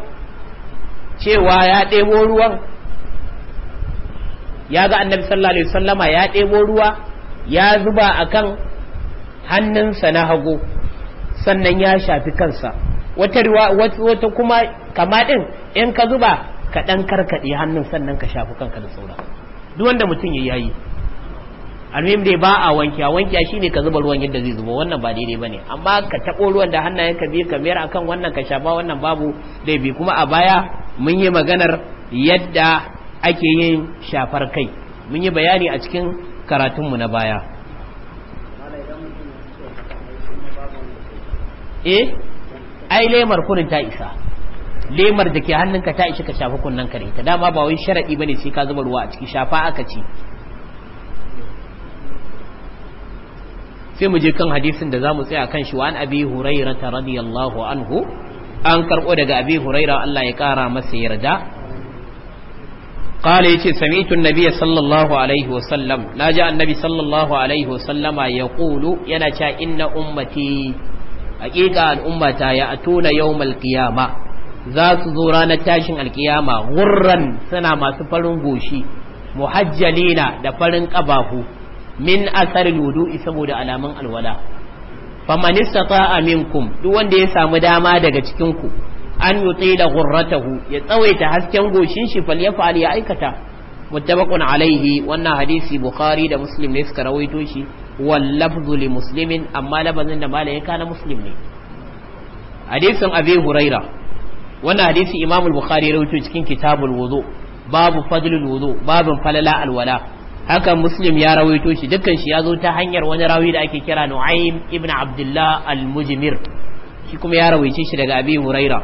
[SPEAKER 1] cewa ya ɗebo ruwan ya ga annabi sallallahu alaihi wasallama ya ɗebo ruwa ya zuba a kan hannunsa na hagu sannan ya shafi kansa wata kuma kama ɗin in ka zuba ka ɗan karkaɗe hannun sannan ka shafi kanka da saura duk wanda mutum ya yayi almuhim dai ba a wanke a wanke ne ka zuba ruwan yadda zai zuba wannan ba daidai ba ne amma ka taɓo ruwan da hannayen ka biyu ka mayar akan wannan ka shafa wannan babu dai bi kuma a baya mun yi maganar yadda ake yin shafar kai mun yi bayani a cikin karatunmu na baya e ai lemar kunin ta isa lemar da ke hannunka ta isa ka shafi kunnen kare ta dama ba wai sharaɗi bane sai ka zuba ruwa a ciki shafa aka ci sai mu je kan hadisin da zamu tsaya kan shi wa an abi hurairah radiyallahu anhu an karɓo daga abi hurairah Allah ya kara masa yarda قال يتي سمعت النبي صلى الله عليه وسلم لا جاء النبي صلى الله عليه وسلم يقول جاء إن أمتي حقيقة الأمة يأتون يوم القيامة ذات زوران تاشن القيامة غرا سنا ما سفرن غوشي محجلين دفرن قبافو من أثر الوضوء سبود على من الولاء faman istata'a minkum duk wanda ya samu dama an da ghurratahu ya tsawaita hasken goshin shi falyafal ya aikata muttafaqun alaihi wannan hadisi bukhari da muslim ne suka rawaito shi wal lafzu li muslimin amma labazin da malam ya kana muslim ne hadisin abi huraira wannan hadisi imam bukhari ya rawaito cikin kitabul wudu babu fadlul wudu babu falala alwala haka muslim ya rawaito shi dukkan shi ya zo ta hanyar wani rawi da ake kira nu'aym ibn abdullah al-mujmir shi kuma ya rawaice shi daga abi huraira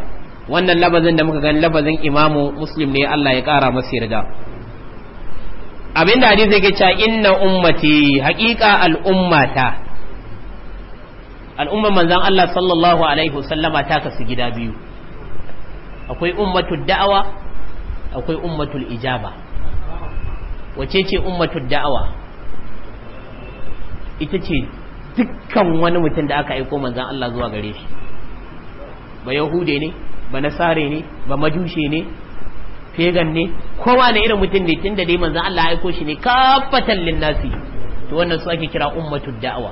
[SPEAKER 1] wannan labazin da muka gani labazin imamu muslim ne Allah ya kara masa yarda abinda hadisi yake cewa inna ummati haqiqa al'ummata al'umma manzon Allah sallallahu alaihi wasallama ta kasu gida biyu akwai ummatul da'awa akwai ummatul ijaba wace ce ummatul da'awa ita ce dukkan wani mutum da aka aiko manzon Allah zuwa gare shi ba yahude ne ba nasare ne ba majushe ne fegan ne kowa ne irin mutum ne tun da dai manzan Allah aiko shi ne kafatan linnasi to wannan su ake kira ummatu da'awa.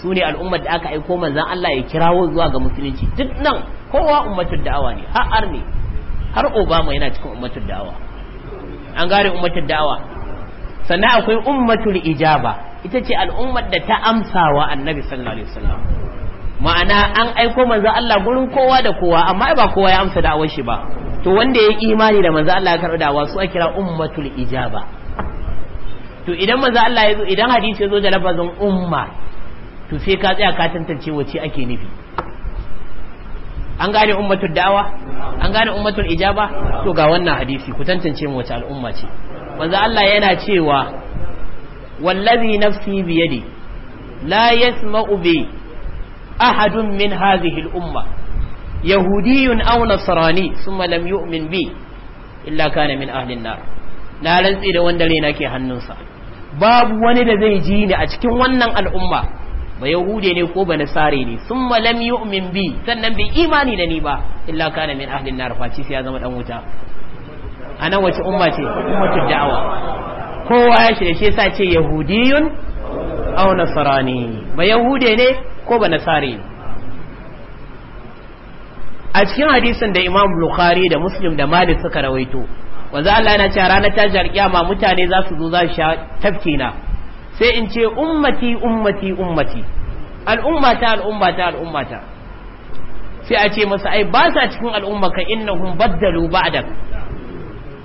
[SPEAKER 1] su ne al'ummar da aka aiko manzan Allah ya kirawo zuwa ga musulunci duk nan kowa ummatu da'awa ne har ne har Obama yana cikin ummatu da'awa. an gane ummatu da'awa sannan akwai ummatul ijaba ita ce al'ummar da ta amsawa annabi sallallahu alaihi wasallam ma'ana an aiko manzo Allah gurin kowa da kowa amma ba kowa ya amsa da'awar shi ba to wanda ya imani da manzo Allah ya karɓi da'awa su a kira ummatul ijaba to idan manzo Allah ya zo idan hadisi ya zo da lafazin umma to sai ka tsaya ka tantance wace ake nufi an gane ummatul da'awa an gane ummatul ijaba to ga wannan hadisi ku tantance mu wace al'umma ce manzo Allah yana cewa wallazi nafsi biyadi la yasma'u bi ahadun min hadhihi al-umma yahudiyyun aw nasrani thumma lam yu'min bi illa kana min na rantsi da wanda raina ke hannunsa babu wani da zai ji ni a cikin wannan al'umma ba yahude ne ko ba nasare ne thumma lam yu'min bi sannan bai imani da ni ba illa kana min ahli ya zama ɗan wuta
[SPEAKER 2] anan umma ce
[SPEAKER 1] da'awa kowa ya shirye shi ce yahudiyun aw ne ko ba nasari a cikin hadisin da imam bukhari da muslim da malik suka rawaito wanzu Allah yana cewa ranar tajar kiyama mutane za su zo za su sha na sai in ce ummati ummati ummati al'ummata al'ummata al'ummata sai a ce masa ai ba sa cikin al'ummaka innahum baddalu ba'dak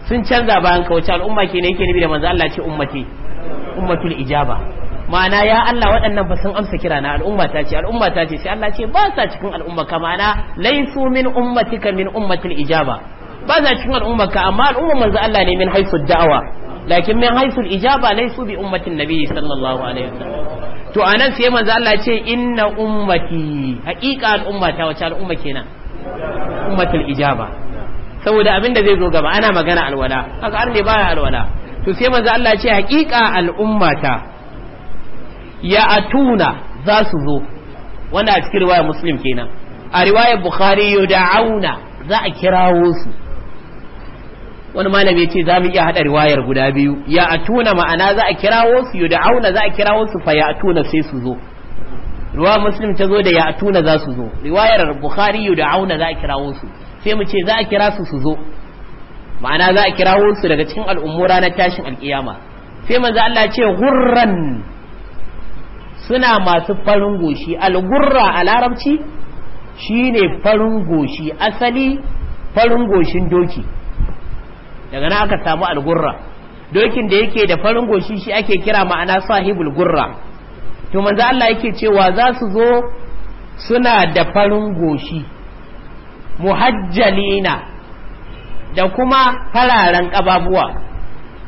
[SPEAKER 1] sun canza bayan ka wace al'umma ke ne yake nabi da manzo Allah ce ummati ummatul ijaba ma'ana ya Allah waɗannan ba sun amsa kira na al'umma ta ce al'umma ta ce sai Allah ce ba sa cikin al'ummaka ma'ana laisu min ummatika min ummatil ijaba ba sa cikin al'ummaka amma al'umma manzo Allah ne min haisu da'awa lakin min haisu ijaba laisu bi ummatin nabi sallallahu alaihi wasallam to anan sai manzo Allah ce inna ummati haqiqa al'umma ta wace al'umma kenan ummatul ijaba saboda abin da zai zo gaba ana magana alwala haka arne baya alwala to sai manzo Allah ce haqiqa al'ummata ya atuna za su zo wanda a cikin riwayar muslim kenan a riwayar bukhari auna za a kirawo su wani malami ya ce za mu iya haɗa riwayar guda biyu ya atuna ma'ana za a kirawo su auna za a kirawo su fa ya atuna sai su zo riwayar muslim ta zo da ya atuna za su zo riwayar bukhari auna za a kirawo su sai mu ce za a kira su su zo ma'ana za a kirawo su daga cikin al'ummu na tashin alkiyama sai manzo Allah ce hurran suna masu farin goshi algurra a larabci shine farin goshi asali farin goshin doki daga nan aka samu algurra dokin da yake da farin goshi shi ake kira ma'ana sahibul gurra to manzo Allah yake cewa za su zo suna da farin goshi muhajjalina da kuma fararen ƙababuwa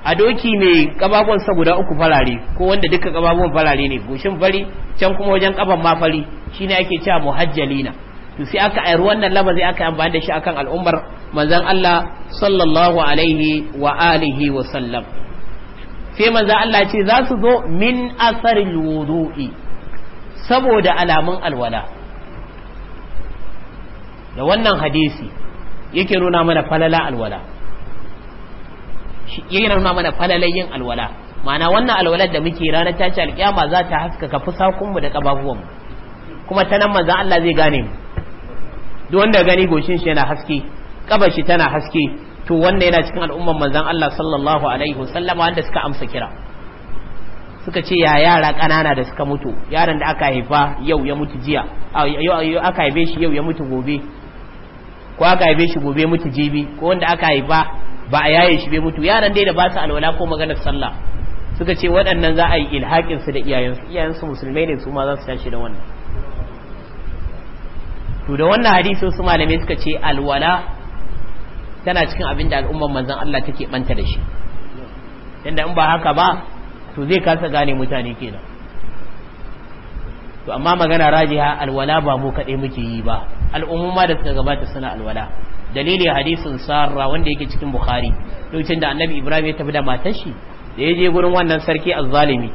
[SPEAKER 1] a doki mai kababuwansa guda uku farare ko wanda duka kababon farare ne goshin fari can kuma wajen kafan ma fari shine ake cewa muhajjalina to sai aka ayar wannan lamazi aka yi amfani da shi akan al'ummar manzon Allah sallallahu alaihi wa alihi wa sallam sai manzon Allah ce za su zo min asaril wudu'i saboda alamun alwala da wannan hadisi yake nuna mana falala alwala yana nuna mana yin alwala ma'ana wannan alwalar da muke ranar tashi alkiyama za ta haskaka fusakunmu da kababuwanmu kuma ta nan manzan Allah zai gane mu duk wanda gani goshin shi yana haske kabar shi tana haske to wannan yana cikin al'umman manzan Allah sallallahu alaihi wasallama wanda suka amsa kira suka ce ya yara ƙanana da suka mutu yaran da aka haifa yau ya mutu jiya yau aka haife shi yau ya mutu gobe ko aka haife shi gobe mutu jibi ko wanda aka haifa ba a yaye shi bai mutu yaran dai da ba su alwala ko maganar sallah suka ce waɗannan za a yi ilhakin su da iyayensu iyayensu musulmai ne su ma za su tashi da wannan to da wannan hadisi su malamai suka ce alwala tana cikin abin da al'umman manzon Allah take banta da shi inda in ba haka ba to zai kasa gane mutane kenan to amma magana rajiha alwala ba mu kaɗai muke yi ba al'umma da suka gabata suna alwala dalili hadisin sarra wanda yake cikin bukhari lokacin da annabi ibrahim ya tafi da matar shi da ya je gurin wannan sarki azzalimi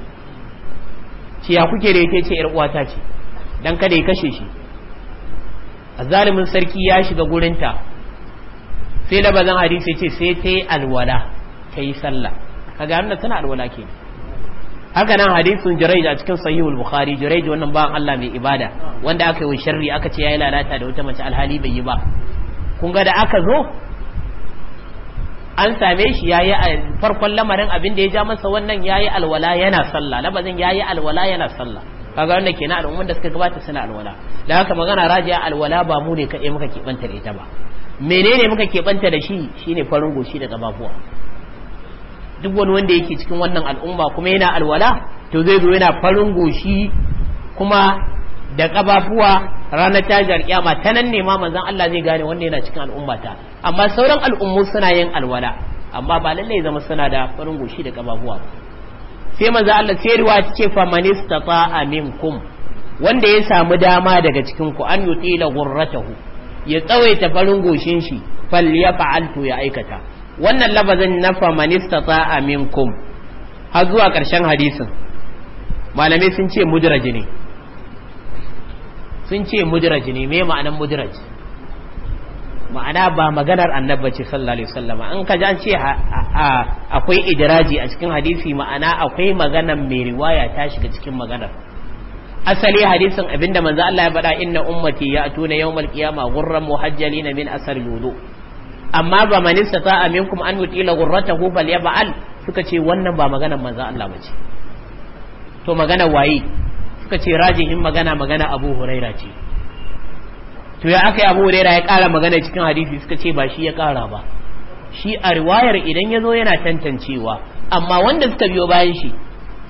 [SPEAKER 1] ci ya kuke da yake ce yar uwata ce dan kada ya kashe shi azzalimin sarki ya shiga gurinta sai da bazan hadisi ce sai ta yi alwala ta yi sallah kaga annabi tana alwala kenan haka nan hadisin jirai a cikin sahihul Bukhari jirai wannan ba Allah mai ibada wanda aka yi sharri aka ce ya yi lalata da wata mace alhali bai yi ba kun ga da aka zo an same shi yayi farkon lamarin abin da ya ja masa wannan yayi alwala yana sallah labazin yayi alwala yana sallah kaga wanda kenan al'umman da suka gabata suna alwala da haka magana rajiya alwala ba mu ne kaɗai muka keɓanta da ita ba menene muka keɓanta da shi shine farin goshi da gabafuwa duk wani wanda yake cikin wannan al'umma kuma yana alwala to zai zo yana farin goshi kuma da ƙabafuwa ranar tajar kiyama ta nan ne ma manzon Allah zai gane wanda yana cikin al'ummata amma sauran al'ummu suna yin alwala amma ba lalle zama suna da farin goshi da kabafuwa sai manzon Allah sai ruwa ta famanista fa aminkum Kum wanda ya samu dama daga cikin ku an yutila gurratahu ya tsawaita farin goshin shi fal ya ya aikata wannan labazin na famanista ta kum har zuwa ƙarshen hadisin malamai sun ce mudiraji ne sun ce mudiraji ne me ma'anan mudiraji ma'ana ba maganar ce sallallahu alaihi sallama an ka an ce akwai idiraji a cikin hadisi ma'ana akwai maganan mai riwaya ta shiga cikin maganar asali hadisin abinda manzo Allah ya bada inna ummati ya'tuna yawmal qiyamah gurran muhajjalin min asar yudu amma ba ta amin kuma an ko bal falyab'al suka ce wannan ba maganar manzo Allah bace to magana waye suka ce rajihin magana magana Abu Huraira ce to ya aka Abu Huraira ya kara magana cikin hadisi suka ce ba shi ya kara ba shi a riwayar idan ya zo yana tantancewa amma wanda suka biyo bayan shi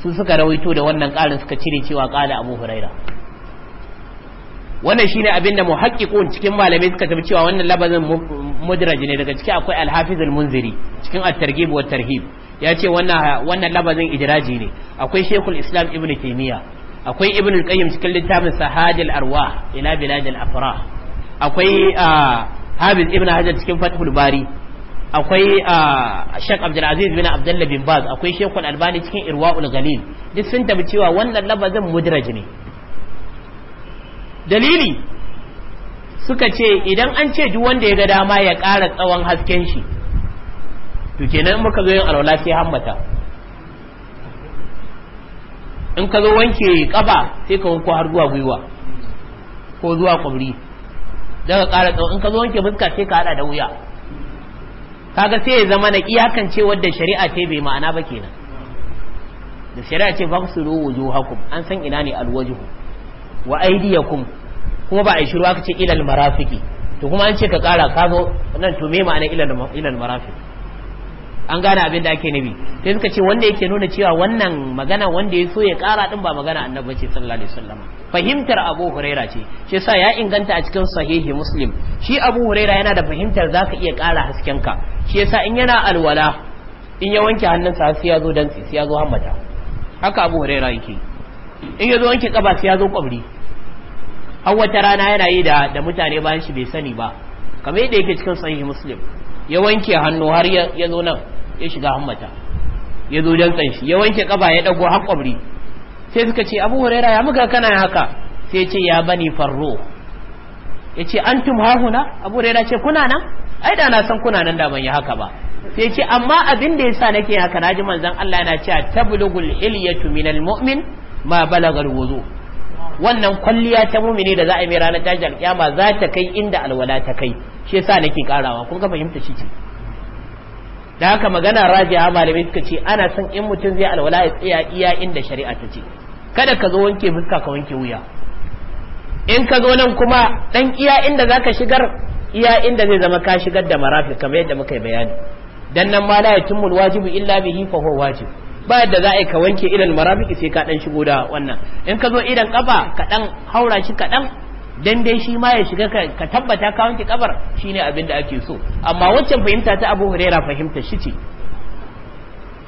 [SPEAKER 1] su suka rawaito da wannan karin suka cire cewa kala Abu Huraira wannan shine abinda da muhaqqiqun cikin malamai suka tafi cewa wannan labazin mudraj ne daga ciki akwai al al-munziri cikin at-targhib wa tarhib yace wannan wannan labazin idraji ne akwai shaykhul islam ibnu taymiya akwai ibnu al-qayyim cikin littafin sahadil arwah ila bilad al-afrah akwai ah, Habib ibnu hajar cikin fathul bari akwai ah, Sheikh Abdul Aziz bin Abdullah bin Baz akwai Sheikh albani cikin Irwaul Ghalil duk sun tabi cewa wannan labazin mudraji ne dalili suka ce idan an ce duk wanda ya ga dama ya ƙara tsawon hasken shi to kenan muka zo yin alwala sai hammata in ka zo wanke kaba sai ka wanko har zuwa gwiwa ko zuwa kwamri daga ƙara tsawon in ka zo wanke fuska sai ka haɗa da wuya kaga sai ya zama na iyakance wadda shari'a ce bai ma'ana ba kenan da shari'a ce faksuru wujuhakum an san ina ne alwajhu wa aidiyakum kuma ba a yi shiru aka ce ilal marafiki to kuma an ce ka kara ka zo nan to me ma'ana ilal marafiki an gane abin da ake nabi sai suka ce wanda yake nuna cewa wannan magana wanda ya so ya kara din ba magana annabi ce sallallahu alaihi wasallam fahimtar abu huraira ce shi yasa ya inganta a cikin sahihi muslim shi abu huraira yana da fahimtar zaka iya kara hasken ka shi yasa in yana alwala in ya wanke hannunsa sai ya zo dantsi sai ya zo hammata haka abu huraira yake in ya zo wanke kaba sai ya zo kwabri an wata rana yana yi da da mutane bayan shi bai sani ba kamar yadda yake cikin sahihi muslim ya wanke hannu har ya zo nan ya shiga hammata ya zo dan shi ya wanke kaba ya dago har kwabri sai suka ce abu huraira ya muka kana haka sai ce ya bani farro ya ce antum hahuna abu huraira ce kuna nan ai da na san kuna nan da ban yi haka ba sai ce amma abin da yasa nake haka naji manzon Allah yana cewa tablugul hilyatu minal mu'min ma balagal wuzu' wannan kwalliya ta mumini da za a yi ranar tashi alkiyama za ta kai inda alwala ta kai shi yasa nake karawa kun ga fahimta shi ce da haka magana rajiya malamai suka ce ana son in mutum zai alwala ya tsaya iya inda shari'a ta ce kada ka zo wanke fuska ka wanke wuya in ka zo nan kuma dan iya inda zaka shigar iya inda zai zama ka shigar da marafi kamar yadda muka yi bayani dan nan ma la yatimul wajibu illa bihi fa huwa wajib ba yadda za a yi ka wanke idan marafiki sai ka dan shigo da wannan in ka zo idan kafa ka dan haura shi ka dan dan dai shi ma ya shiga ka tabbata ka wanke kabar shine abin da ake so amma waccan fahimta ta Abu Huraira fahimta shi ce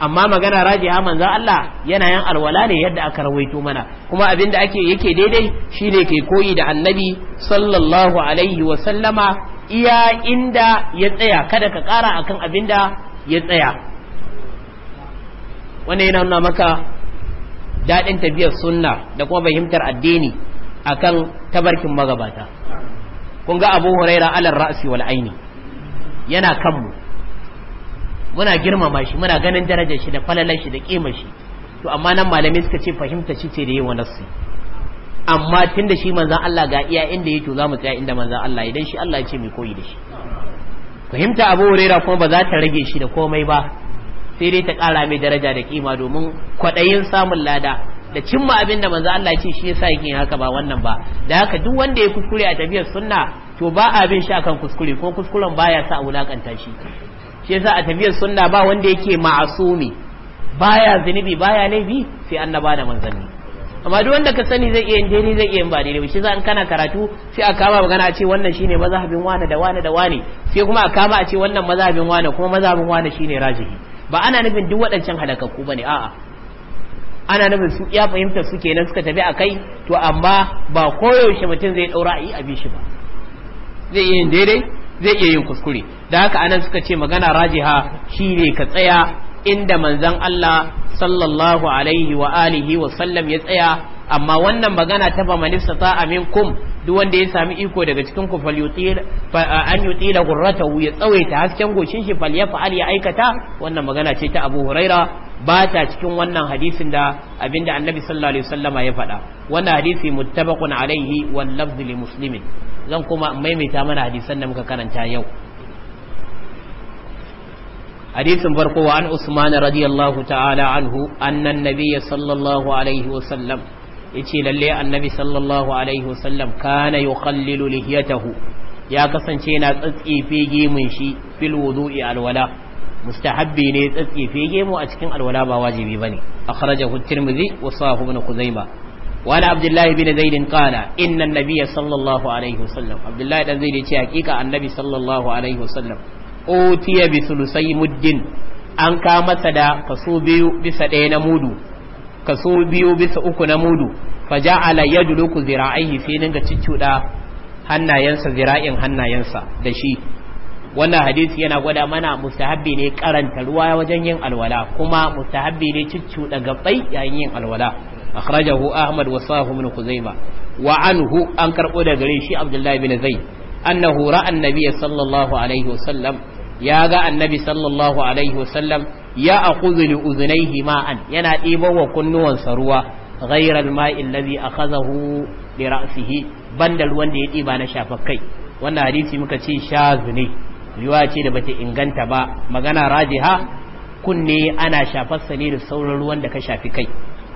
[SPEAKER 1] amma magana rajiha manzo Allah yana yan alwala ne yadda aka rawaito mana kuma abin da ake yake daidai shine kai koyi da annabi sallallahu alaihi wa sallama iya inda ya tsaya kada ka kara akan abin da ya tsaya wannan yana nuna maka daɗin tafiyar sunna da kuma fahimtar addini akan tabarkin magabata kun ga abu huraira alar ra'asi wal aini yana kanmu muna girmama shi muna ganin darajar shi da falalar shi da kimar shi to amma nan malamai suka ce fahimta shi ce da wa nassi amma tun da shi manzan Allah ga iya inda ya to za mu tsaya inda manzan Allah idan shi Allah ya ce mai koyi da shi fahimta abu huraira kuma ba za ta rage shi da komai ba sai dai ta ƙara mai daraja da kima domin kwaɗayin samun lada da cimma abin da manzo Allah ce shi yasa yake haka ba wannan ba da haka duk wanda ya kuskure a tafiyar sunna to ba abin shi akan kuskure ko kuskuren baya sa a wulakanta shi shi yasa a tafiyar sunna ba wanda yake ma'asumi baya zunubi baya laifi sai annaba da manzanni amma duk wanda ka sani zai iya yin daidai zai iya yin ba daidai shi yasa kana karatu sai a kama magana a ce wannan shine mazhabin wane da wane da wane sai kuma a kama a ce wannan mazhabin wane kuma mazhabin wane shine rajihi ba ana nufin duk waɗancan halakakku ba ne a'a ana nufin su ya fahimta su kenan suka tafi a kai to amma ba koyaushe mutum zai ɗaura a yi abin shi ba zai iya yin daidai zai iya yin kuskure da haka anan suka ce magana rajiha shi ne ka tsaya inda manzon Allah sallallahu alaihi wa alihi wa sallam ya tsaya amma wannan magana ta ba manifsa ta kum duk wanda ya sami iko daga cikin ku an yutila gurratahu ya tsawaita hasken goshin shi fal ya fa'al ya aikata wannan magana ce ta Abu Huraira ba ta cikin wannan hadisin da abinda Annabi sallallahu alaihi wasallama ya faɗa wannan hadisi muttabaqun alaihi wal lafzu li muslimin zan kuma maimaita mana hadisan da muka karanta yau حديث فرقه عن عثمان رضي الله تعالى عنه أن النبي صلى الله عليه وسلم yace lalle annabi sallallahu alaihi wasallam kana yukhallilu lihiyatahu ya kasance yana tsatsife gemun shi fil wudu'i alwala mustahabbi ne tsatsife gemu a cikin alwala ba wajibi bane akhrajahu at-tirmidhi wa sahahu ibn khuzaimah wa ala abdullah ibn zaid qala inna an-nabiy sallallahu alaihi wasallam abdullah dan zaid yace hakika annabi sallallahu alaihi wasallam utiya bi sulusai muddin an ka masa da kaso biyu bisa ɗaya na mudu kaso biyu bisa uku na mudu fa ja'ala yadluku zira'ihi sai dinga cicciuda hannayensa zira'in hannayensa da shi wannan hadisi yana gwada mana mustahabbi ne karanta ruwa wajen yin alwala kuma mustahabbi ne cicciuda gabbai yayin yin alwala akhrajahu ahmad wa sahu min kuzaima wa anhu an karbo da gare shi abdullahi bin zaid annahu ra'a annabi sallallahu alaihi wasallam ya ga annabi sallallahu alaihi wasallam ya akhudhu li uzunayhi hima'an yana ɗiban wa kunnuwansa ruwa ghayra al-ma'i allazi akhadhahu li ra'sihi wanda ya ɗiba na shafakai wannan hadisi muka ce shazu ne riwaya ce da bata inganta ba magana rajiha kunne ana shafarsa ne da sauran ruwan da ka shafi kai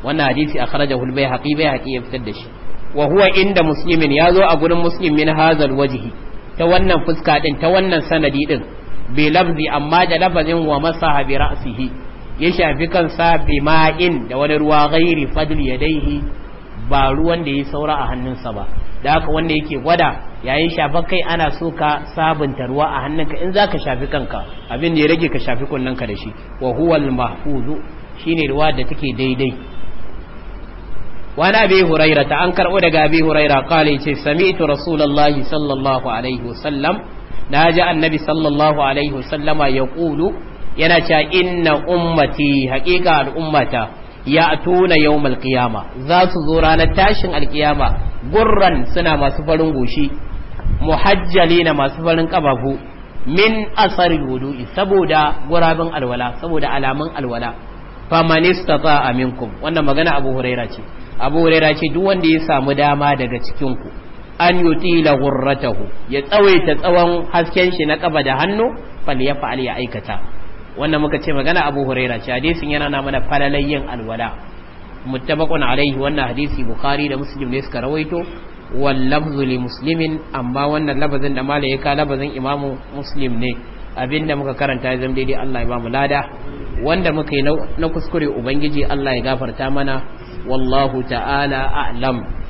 [SPEAKER 1] wannan hadisi akhrajahu haƙi bai haƙi ya fitar da shi wa huwa inda muslimin yazo a gurin muslim min hazal wajihi. ta wannan fuska din ta wannan sanadi din bi lafzi amma da lafazin wa masaha bi ra'sihi ya shafi kansa bi ma'in da wani ruwa ghairi fadli yadaihi ba ruwan da ya saura a hannunsa ba da haka wanda yake gwada yayin shafa kai ana so ka sabunta ruwa a hannunka in zaka shafi kanka abin da ya rage ka shafi ka da shi wa huwa al mahfuz shine ruwa da take daidai وعن أبي hurairata an أدق أبي هريرة قال سمعت رسول sami'tu صلى sallallahu alaihi wasallam na ji annabi sallallahu alaihi wasallama ya ƙulu yana cewa inna ummati haƙiƙa al'ummata ya tuna yau malkiyama za su zo ranar tashin alkiyama gurran suna masu farin goshi muhajjali na masu farin ƙafafu min asari wudu'i saboda gurabin alwala saboda alamun alwala famanista za a minkum wannan magana abu huraira ce abu huraira ce duk wanda ya samu dama daga cikin ku an yutila ghurratahu ya tsawaita tsawon hasken shi na kaba da hannu fal ya fa'al ya aikata wannan muka ce magana Abu Huraira ci hadisin yana na mana falalayyin alwala muttabaqun alaihi wannan hadisi Bukhari da Muslim ne suka rawaito wal lafzu li muslimin amma wannan lafazin da malai ya ka lafazin Imam Muslim ne abinda muka karanta ya zama daidai Allah ya ba mu lada wanda
[SPEAKER 2] muka yi na kuskure ubangiji Allah ya gafarta mana wallahu ta'ala a'lam